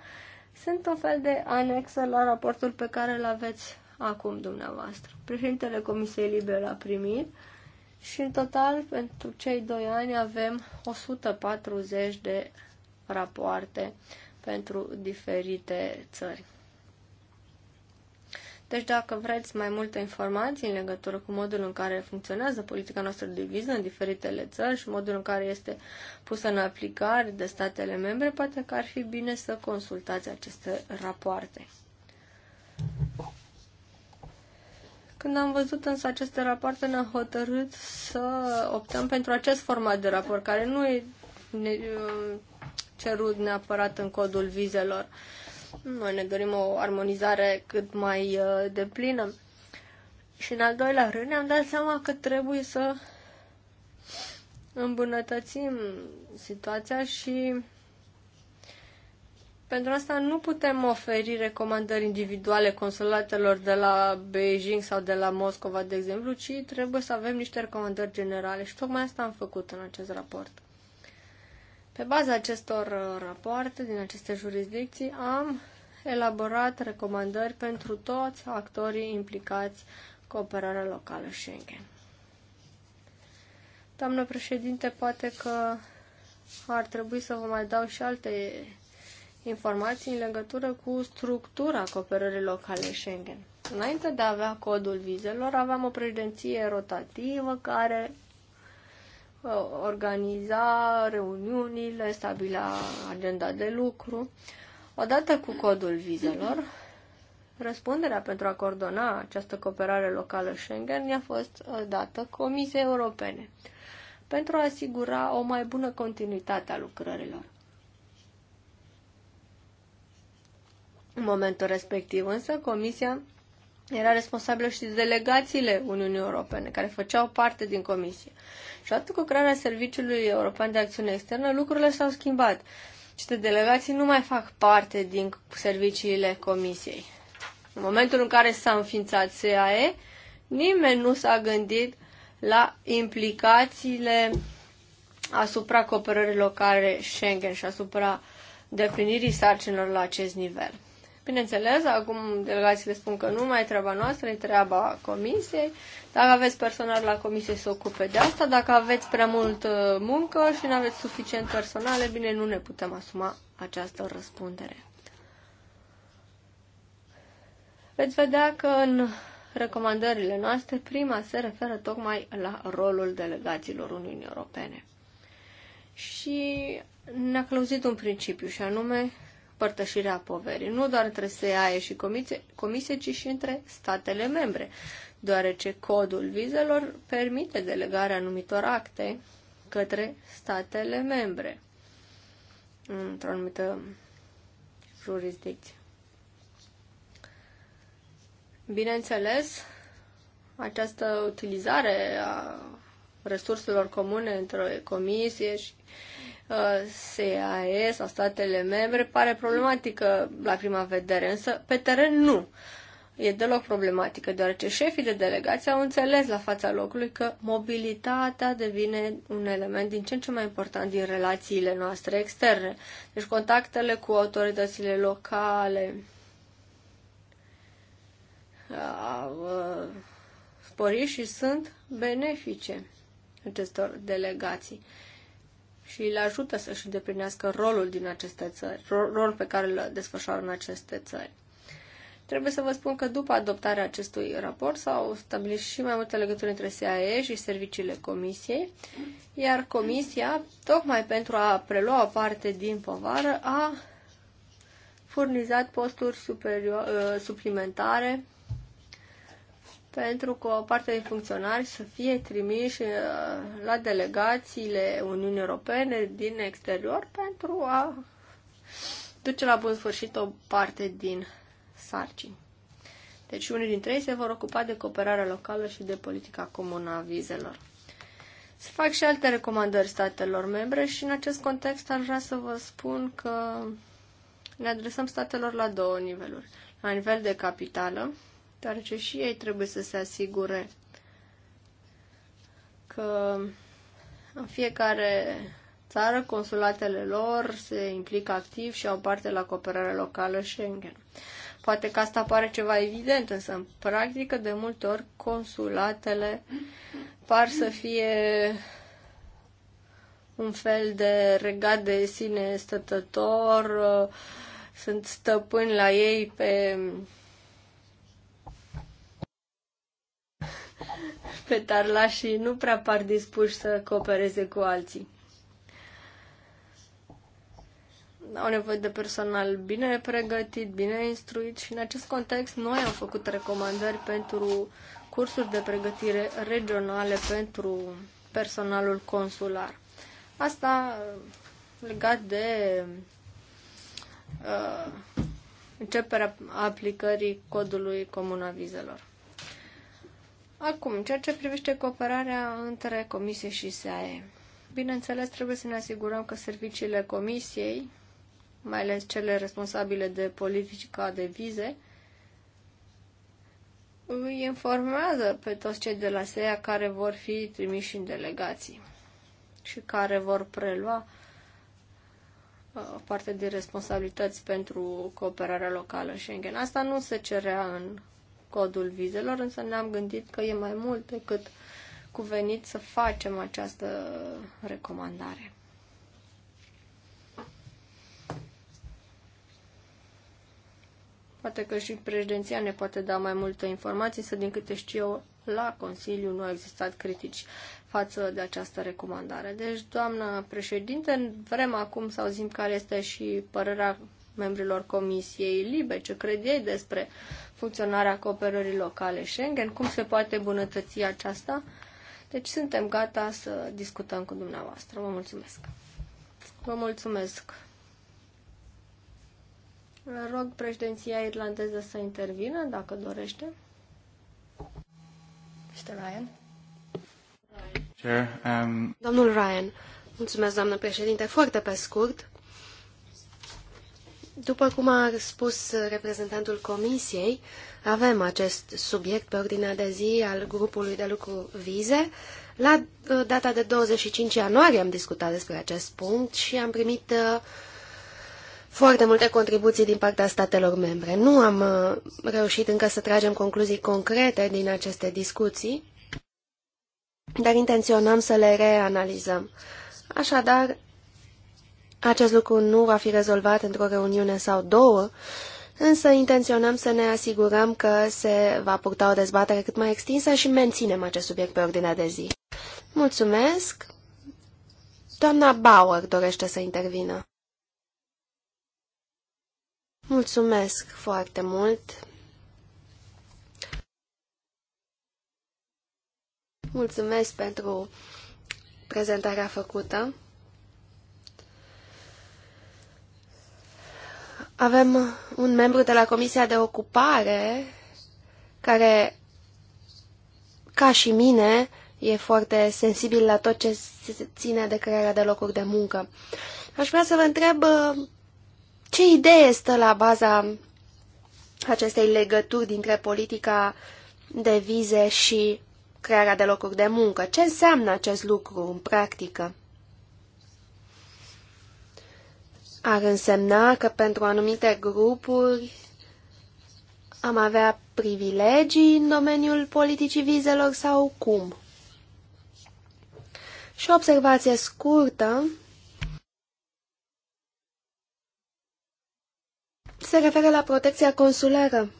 sunt un fel de anexă la raportul pe care îl aveți acum dumneavoastră. Președintele Comisiei Libere l-a primit și în total pentru cei doi ani avem 140 de rapoarte pentru diferite țări. Deci dacă vreți mai multe informații în legătură cu modul în care funcționează politica noastră de viză în diferitele țări și modul în care este pusă în aplicare de statele membre, poate că ar fi bine să consultați aceste rapoarte. Când am văzut însă aceste rapoarte, ne-am hotărât să optăm pentru acest format de raport, care nu e cerut neapărat în codul vizelor. Uh, noi ne dorim o armonizare cât mai uh, deplină. Și în al doilea rând ne-am dat seama că trebuie să îmbunătățim situația și pentru asta nu putem oferi recomandări individuale consulatelor de la Beijing sau de la Moscova, de exemplu, ci trebuie să avem niște recomandări generale și tocmai asta am făcut în acest raport. Pe baza acestor uh, rapoarte din aceste jurisdicții am elaborat recomandări pentru toți actorii implicați cooperarea locală Schengen. Doamnă președinte, poate că ar trebui să vă mai dau și alte informații în legătură cu structura cooperării locale Schengen. Înainte de a avea codul vizelor, aveam o președinție rotativă care Uh, organiza reuniunile, stabila agenda de lucru. Odată cu codul vizelor, răspunderea pentru a coordona această cooperare locală Schengen i-a fost uh, dată Comisiei Europene pentru a asigura o mai bună continuitate a lucrărilor. În momentul respectiv însă, Comisia era responsabilă și de delegațiile Uniunii Europene, care făceau parte din comisie. Și atât cu crearea Serviciului European de Acțiune Externă, lucrurile s-au schimbat. Aceste delegații nu mai fac parte din serviciile comisiei. În momentul în care s-a înființat SAE, nimeni nu s-a gândit la implicațiile asupra cooperării locale Schengen și asupra definirii sarcinilor la acest nivel. Bineînțeles, acum delegațiile spun că nu mai e treaba noastră, e treaba comisiei. Dacă aveți personal la comisie să ocupe de asta, dacă aveți prea mult uh, muncă și nu aveți suficient personal, e bine, nu ne putem asuma această răspundere. Veți vedea că în recomandările noastre, prima se referă tocmai la rolul delegațiilor Uniunii Europene. Și ne-a clăuzit un principiu și anume părtășirea poverii, nu doar între SEAE și comisie, comisie, ci și între statele membre, deoarece codul vizelor permite delegarea anumitor acte către statele membre într-o anumită jurisdicție. Bineînțeles, această utilizare a resurselor comune între comisie și uh, SAE sau statele membre pare problematică la prima vedere, însă pe teren nu. E deloc problematică, deoarece șefii de delegație au înțeles la fața locului că mobilitatea devine un element din ce în ce mai important din relațiile noastre externe. Deci contactele cu autoritățile locale au uh, sporit și sunt benefice acestor delegații și îl ajută să-și îndeplinească rolul din aceste țări, rol pe care îl desfășoară în aceste țări. Trebuie să vă spun că după adoptarea acestui raport s-au stabilit și mai multe legături între CIA și serviciile Comisiei, iar Comisia, tocmai pentru a prelua o parte din povară, a furnizat posturi superior, uh, suplimentare pentru că o parte din funcționari să fie trimiși uh, la delegațiile Uniunii Europene din exterior pentru a duce la bun sfârșit o parte din sarcini. Deci unii dintre ei se vor ocupa de cooperarea locală și de politica comună a vizelor. Se fac și alte recomandări statelor membre și în acest context aș vrea să vă spun că ne adresăm statelor la două niveluri. La nivel de capitală, deoarece și ei trebuie să se asigure că în fiecare țară consulatele lor se implică activ și au parte la cooperare locală Schengen. Poate că asta pare ceva evident, însă în practică de multe ori consulatele par să fie un fel de regat de sine stătător, sunt stăpâni la ei pe pe și nu prea par dispuși să coopereze cu alții. Au nevoie de personal bine pregătit, bine instruit și în acest context noi am făcut recomandări pentru cursuri de pregătire regionale pentru personalul consular. Asta uh, legat de uh, începerea aplicării codului Comuna Vizelor. Acum, ceea ce privește cooperarea între Comisie și SAE. Bineînțeles, trebuie să ne asigurăm că serviciile Comisiei, mai ales cele responsabile de politica de vize, îi informează pe toți cei de la SEA care vor fi trimiși în delegații și care vor prelua uh, parte de responsabilități pentru cooperarea locală Schengen. Asta nu se cerea în codul vizelor, însă ne-am gândit că e mai mult decât cuvenit să facem această recomandare. Poate că și președinția ne poate da mai multe informații, să din câte știu eu, la Consiliu nu au existat critici față de această recomandare. Deci, doamnă președinte, vrem acum să auzim care este și părerea membrilor Comisiei Libe, ce cred ei despre funcționarea cooperării locale Schengen, cum se poate bunătăți aceasta. Deci suntem gata să discutăm cu dumneavoastră. Vă mulțumesc. Vă mulțumesc. Rog președinția irlandeză să intervină, dacă dorește. Mr. Ryan. um... Domnul Ryan, mulțumesc, doamnă președinte. Foarte pe scurt, după cum a spus reprezentantul Comisiei, avem acest subiect pe ordinea de zi al grupului de lucru vize. La uh, data de 25 ianuarie am discutat despre acest punct și am primit uh, foarte multe contribuții din partea statelor membre. Nu am uh, reușit încă să tragem concluzii concrete din aceste discuții, dar intenționăm să le reanalizăm. Așadar, acest lucru nu va fi rezolvat într-o reuniune sau două, însă intenționăm să ne asigurăm că se va purta o dezbatere cât mai extinsă și menținem acest subiect pe ordinea de zi. Mulțumesc! Doamna Bauer dorește să intervină. Mulțumesc foarte mult! Mulțumesc pentru prezentarea făcută. Avem un membru de la Comisia de Ocupare care, ca și mine, e foarte sensibil la tot ce se ține de crearea de locuri de muncă. Aș vrea să vă întreb ce idee stă la baza acestei legături dintre politica de vize și crearea de locuri de muncă. Ce înseamnă acest lucru în practică? ar însemna că pentru anumite grupuri am avea privilegii în domeniul politicii vizelor sau cum? Și o observație scurtă se referă la protecția consulară.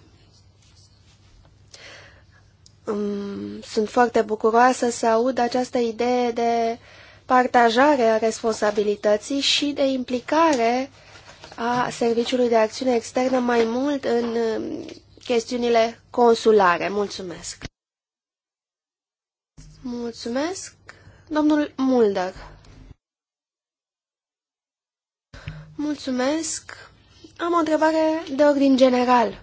Sunt foarte bucuroasă să aud această idee de uh, partajare a responsabilității și de implicare a Serviciului de Acțiune Externă mai mult în um, chestiunile consulare. Mulțumesc! Mulțumesc, domnul Mulder. Mulțumesc. Am o întrebare de ordin general.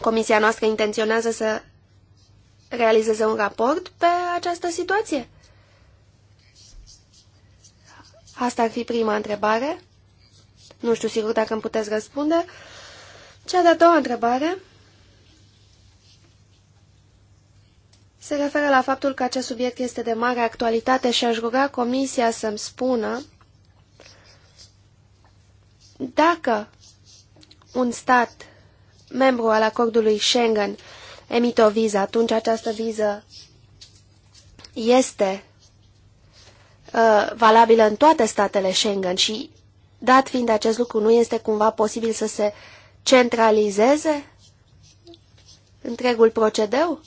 Comisia noastră intenționează să realizeze un raport pe această situație? Asta ar fi prima întrebare. Nu știu sigur dacă îmi puteți răspunde. Cea de-a doua întrebare se referă la faptul că acest subiect este de mare actualitate și aș ruga Comisia să-mi spună dacă un stat membru al acordului Schengen emite o viză, atunci această viză este Uh, valabilă în toate statele Schengen și dat fiind acest lucru, nu este cumva posibil să se centralizeze întregul procedeu?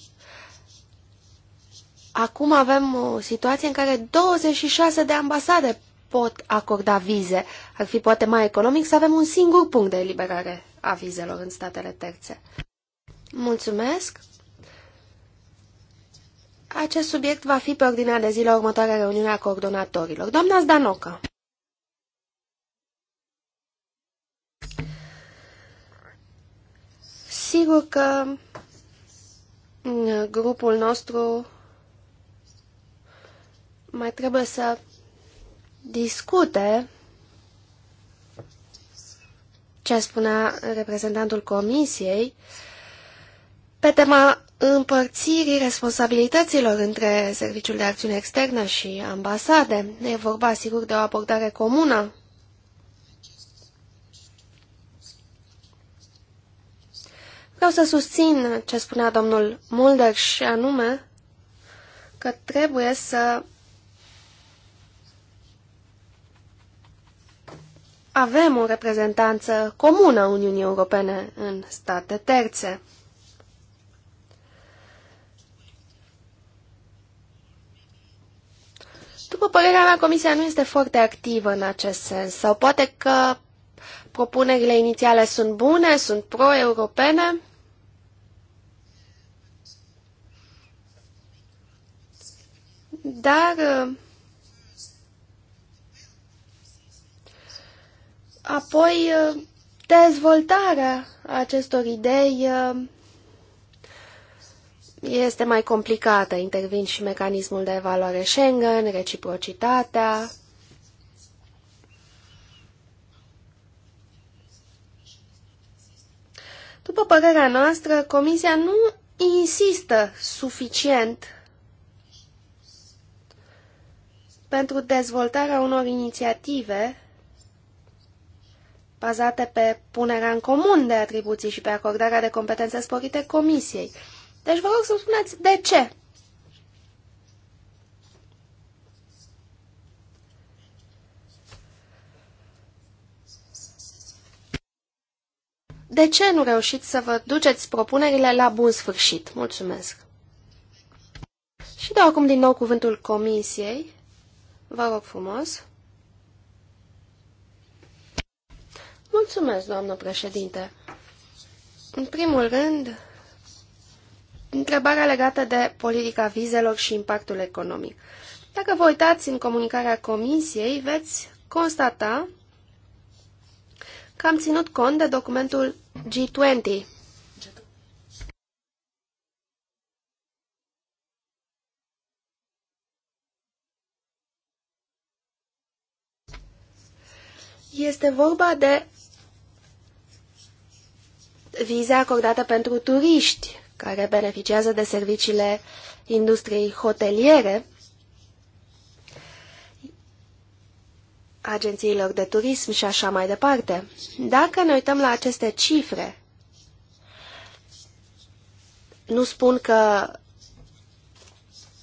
Acum avem o situație în care 26 de ambasade pot acorda vize. Ar fi poate mai economic să avem un singur punct de eliberare a vizelor în statele terțe. Mulțumesc! Acest subiect va fi pe ordinea de zi la următoarea reuniune a coordonatorilor. Doamna Zdanoca! Sigur că mm, grupul nostru mai trebuie să discute ce spunea reprezentantul comisiei pe tema împărțirii responsabilităților între Serviciul de Acțiune Externă și ambasade. E vorba, sigur, de o abordare comună. Vreau să susțin ce spunea domnul Mulder și anume că trebuie să avem o reprezentanță comună a Uniunii Europene în state terțe. După părerea mea, Comisia nu este foarte activă în acest sens, sau poate că propunerile inițiale sunt bune, sunt pro-europene, dar uh, apoi uh, dezvoltarea acestor idei uh, este mai complicată. Intervin și mecanismul de evaluare Schengen, reciprocitatea. După părerea noastră, Comisia nu insistă suficient pentru dezvoltarea unor inițiative bazate pe punerea în comun de atribuții și pe acordarea de competențe sporite Comisiei. Deci vă rog să-mi spuneți de ce. De ce nu reușiți să vă duceți propunerile la bun sfârșit? Mulțumesc! Și dau acum din nou cuvântul comisiei. Vă rog frumos. Mulțumesc, doamnă președinte. În primul rând, Întrebarea legată de politica vizelor și impactul economic. Dacă vă uitați în comunicarea Comisiei, veți constata că am ținut cont de documentul G20. Este vorba de vize acordate pentru turiști care beneficiază de serviciile industriei hoteliere, agențiilor de turism și așa mai departe. Dacă ne uităm la aceste cifre, nu spun că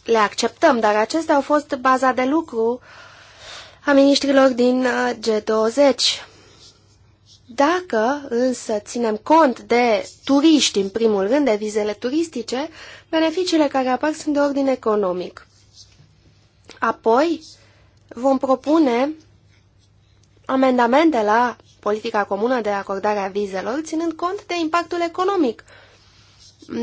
le acceptăm, dar acestea au fost baza de lucru a ministrilor din uh, G20. Dacă însă ținem cont de turiști, în primul rând, de vizele turistice, beneficiile care apar sunt de ordin economic. Apoi vom propune amendamente la politica comună de acordare a vizelor, ținând cont de impactul economic.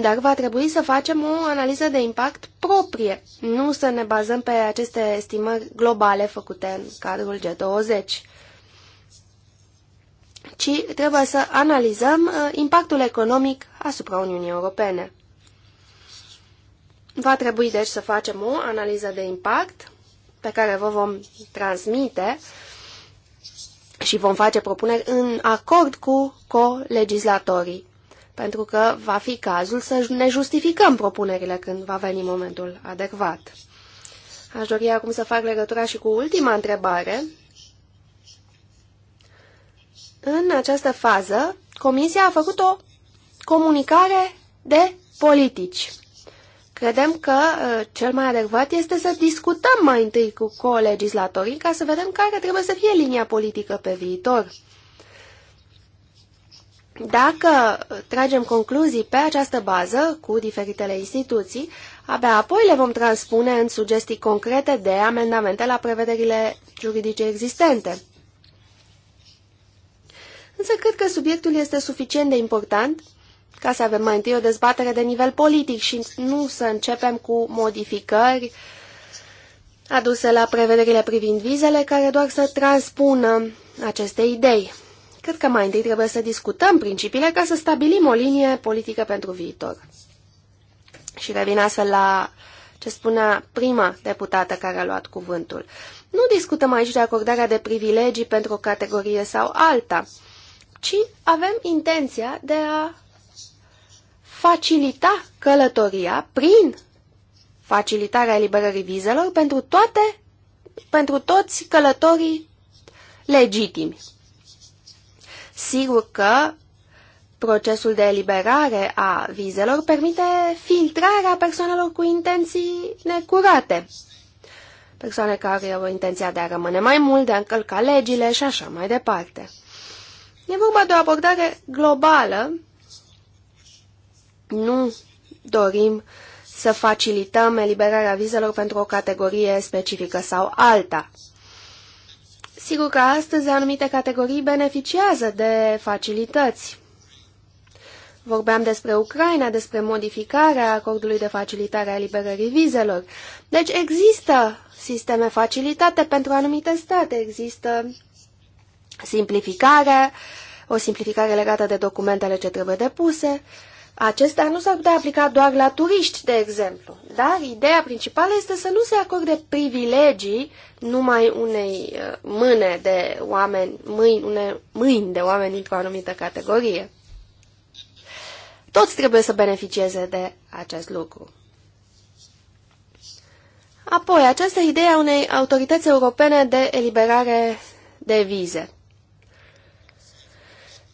Dar va trebui să facem o analiză de impact proprie, nu să ne bazăm pe aceste estimări globale făcute în cadrul G20 ci trebuie să analizăm uh, impactul economic asupra Uniunii Europene. Va trebui deci să facem o analiză de impact pe care vă vom transmite și vom face propuneri în acord cu colegislatorii, pentru că va fi cazul să ne justificăm propunerile când va veni momentul adecvat. Aș dori acum să fac legătura și cu ultima întrebare, în această fază, Comisia a făcut o comunicare de politici. Credem că uh, cel mai adecvat este să discutăm mai întâi cu colegislatorii ca să vedem care trebuie să fie linia politică pe viitor. Dacă uh, tragem concluzii pe această bază cu diferitele instituții, abia apoi le vom transpune în sugestii concrete de amendamente la prevederile juridice existente însă cred că subiectul este suficient de important ca să avem mai întâi o dezbatere de nivel politic și nu să începem cu modificări aduse la prevederile privind vizele, care doar să transpună aceste idei. Cred că mai întâi trebuie să discutăm principiile ca să stabilim o linie politică pentru viitor. Și revin astfel la ce spunea prima deputată care a luat cuvântul. Nu discutăm aici de acordarea de privilegii pentru o categorie sau alta ci avem intenția de a facilita călătoria prin facilitarea eliberării vizelor pentru toate, pentru toți călătorii legitimi. Sigur că procesul de eliberare a vizelor permite filtrarea persoanelor cu intenții necurate, persoane care au intenția de a rămâne mai mult, de a încălca legile și așa mai departe. E vorba de o abordare globală. Nu dorim să facilităm eliberarea vizelor pentru o categorie specifică sau alta. Sigur că astăzi anumite categorii beneficiază de facilități. Vorbeam despre Ucraina, despre modificarea acordului de facilitare a liberării vizelor. Deci există sisteme facilitate pentru anumite state, există simplificare, o simplificare legată de documentele ce trebuie depuse. Acestea nu s-ar putea aplica doar la turiști, de exemplu, dar ideea principală este să nu se acorde privilegii numai unei uh, mâne de oameni, mâini, une, mâini de oameni dintr-o anumită categorie. Toți trebuie să beneficieze de acest lucru. Apoi, această idee a unei autorități europene de eliberare de vize.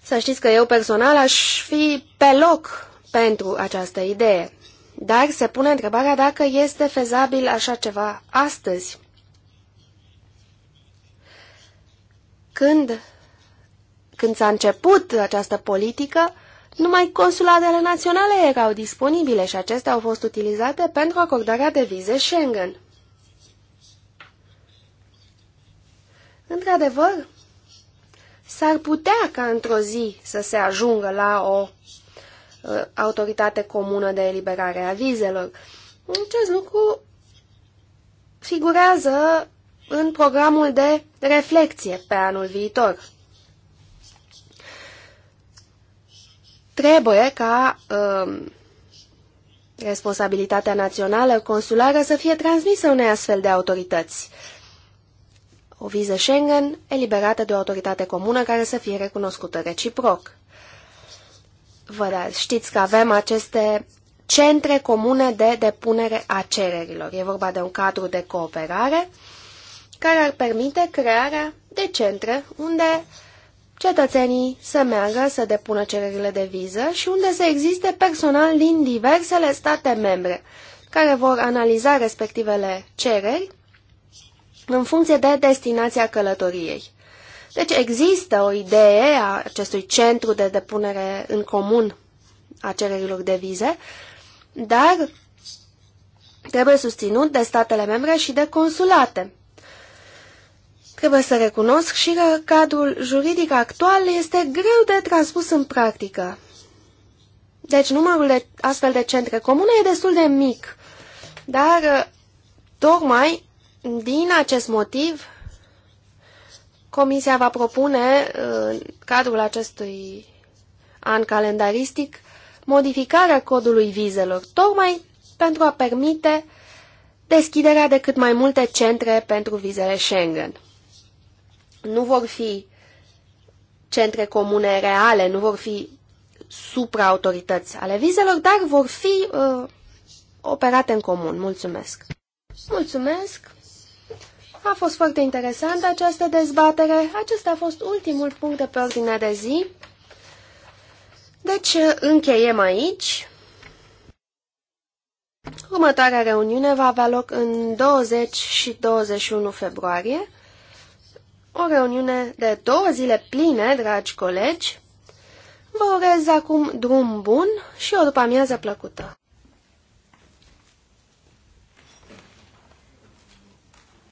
Să știți că eu personal aș fi pe loc pentru această idee. Dar se pune întrebarea dacă este fezabil așa ceva astăzi. Când, când s-a început această politică, numai consulatele naționale erau disponibile și acestea au fost utilizate pentru acordarea de vize Schengen. Într-adevăr, S-ar putea ca într-o zi să se ajungă la o uh, autoritate comună de eliberare a vizelor. Acest lucru figurează în programul de reflecție pe anul viitor. Trebuie ca uh, responsabilitatea națională consulară să fie transmisă unei astfel de autorități. Uh, o viză Schengen eliberată de o autoritate comună care să fie recunoscută reciproc. Vă da, știți că avem aceste centre comune de depunere a cererilor. E vorba de un cadru de cooperare care ar permite crearea de centre unde cetățenii să meargă să depună cererile de viză și unde să existe personal din diversele state membre care vor analiza respectivele cereri în funcție de destinația călătoriei. Deci există o idee a acestui centru de depunere în comun a cererilor de vize, dar trebuie susținut de statele membre și de consulate. Trebuie să recunosc și că cadrul juridic actual este greu de transpus în practică. Deci numărul de astfel de centre comune e destul de mic, dar tocmai din acest motiv, Comisia va propune, în cadrul acestui an calendaristic, modificarea codului vizelor, tocmai pentru a permite deschiderea de cât mai multe centre pentru vizele Schengen. Nu vor fi centre comune reale, nu vor fi supraautorități ale vizelor, dar vor fi uh, operate în comun. Mulțumesc! Mulțumesc! A fost foarte interesantă această dezbatere. Acesta a fost ultimul punct de pe ordinea de zi. Deci încheiem aici. Următoarea reuniune va avea loc în 20 și 21 februarie. O reuniune de două zile pline, dragi colegi. Vă urez acum drum bun și o după amiază plăcută.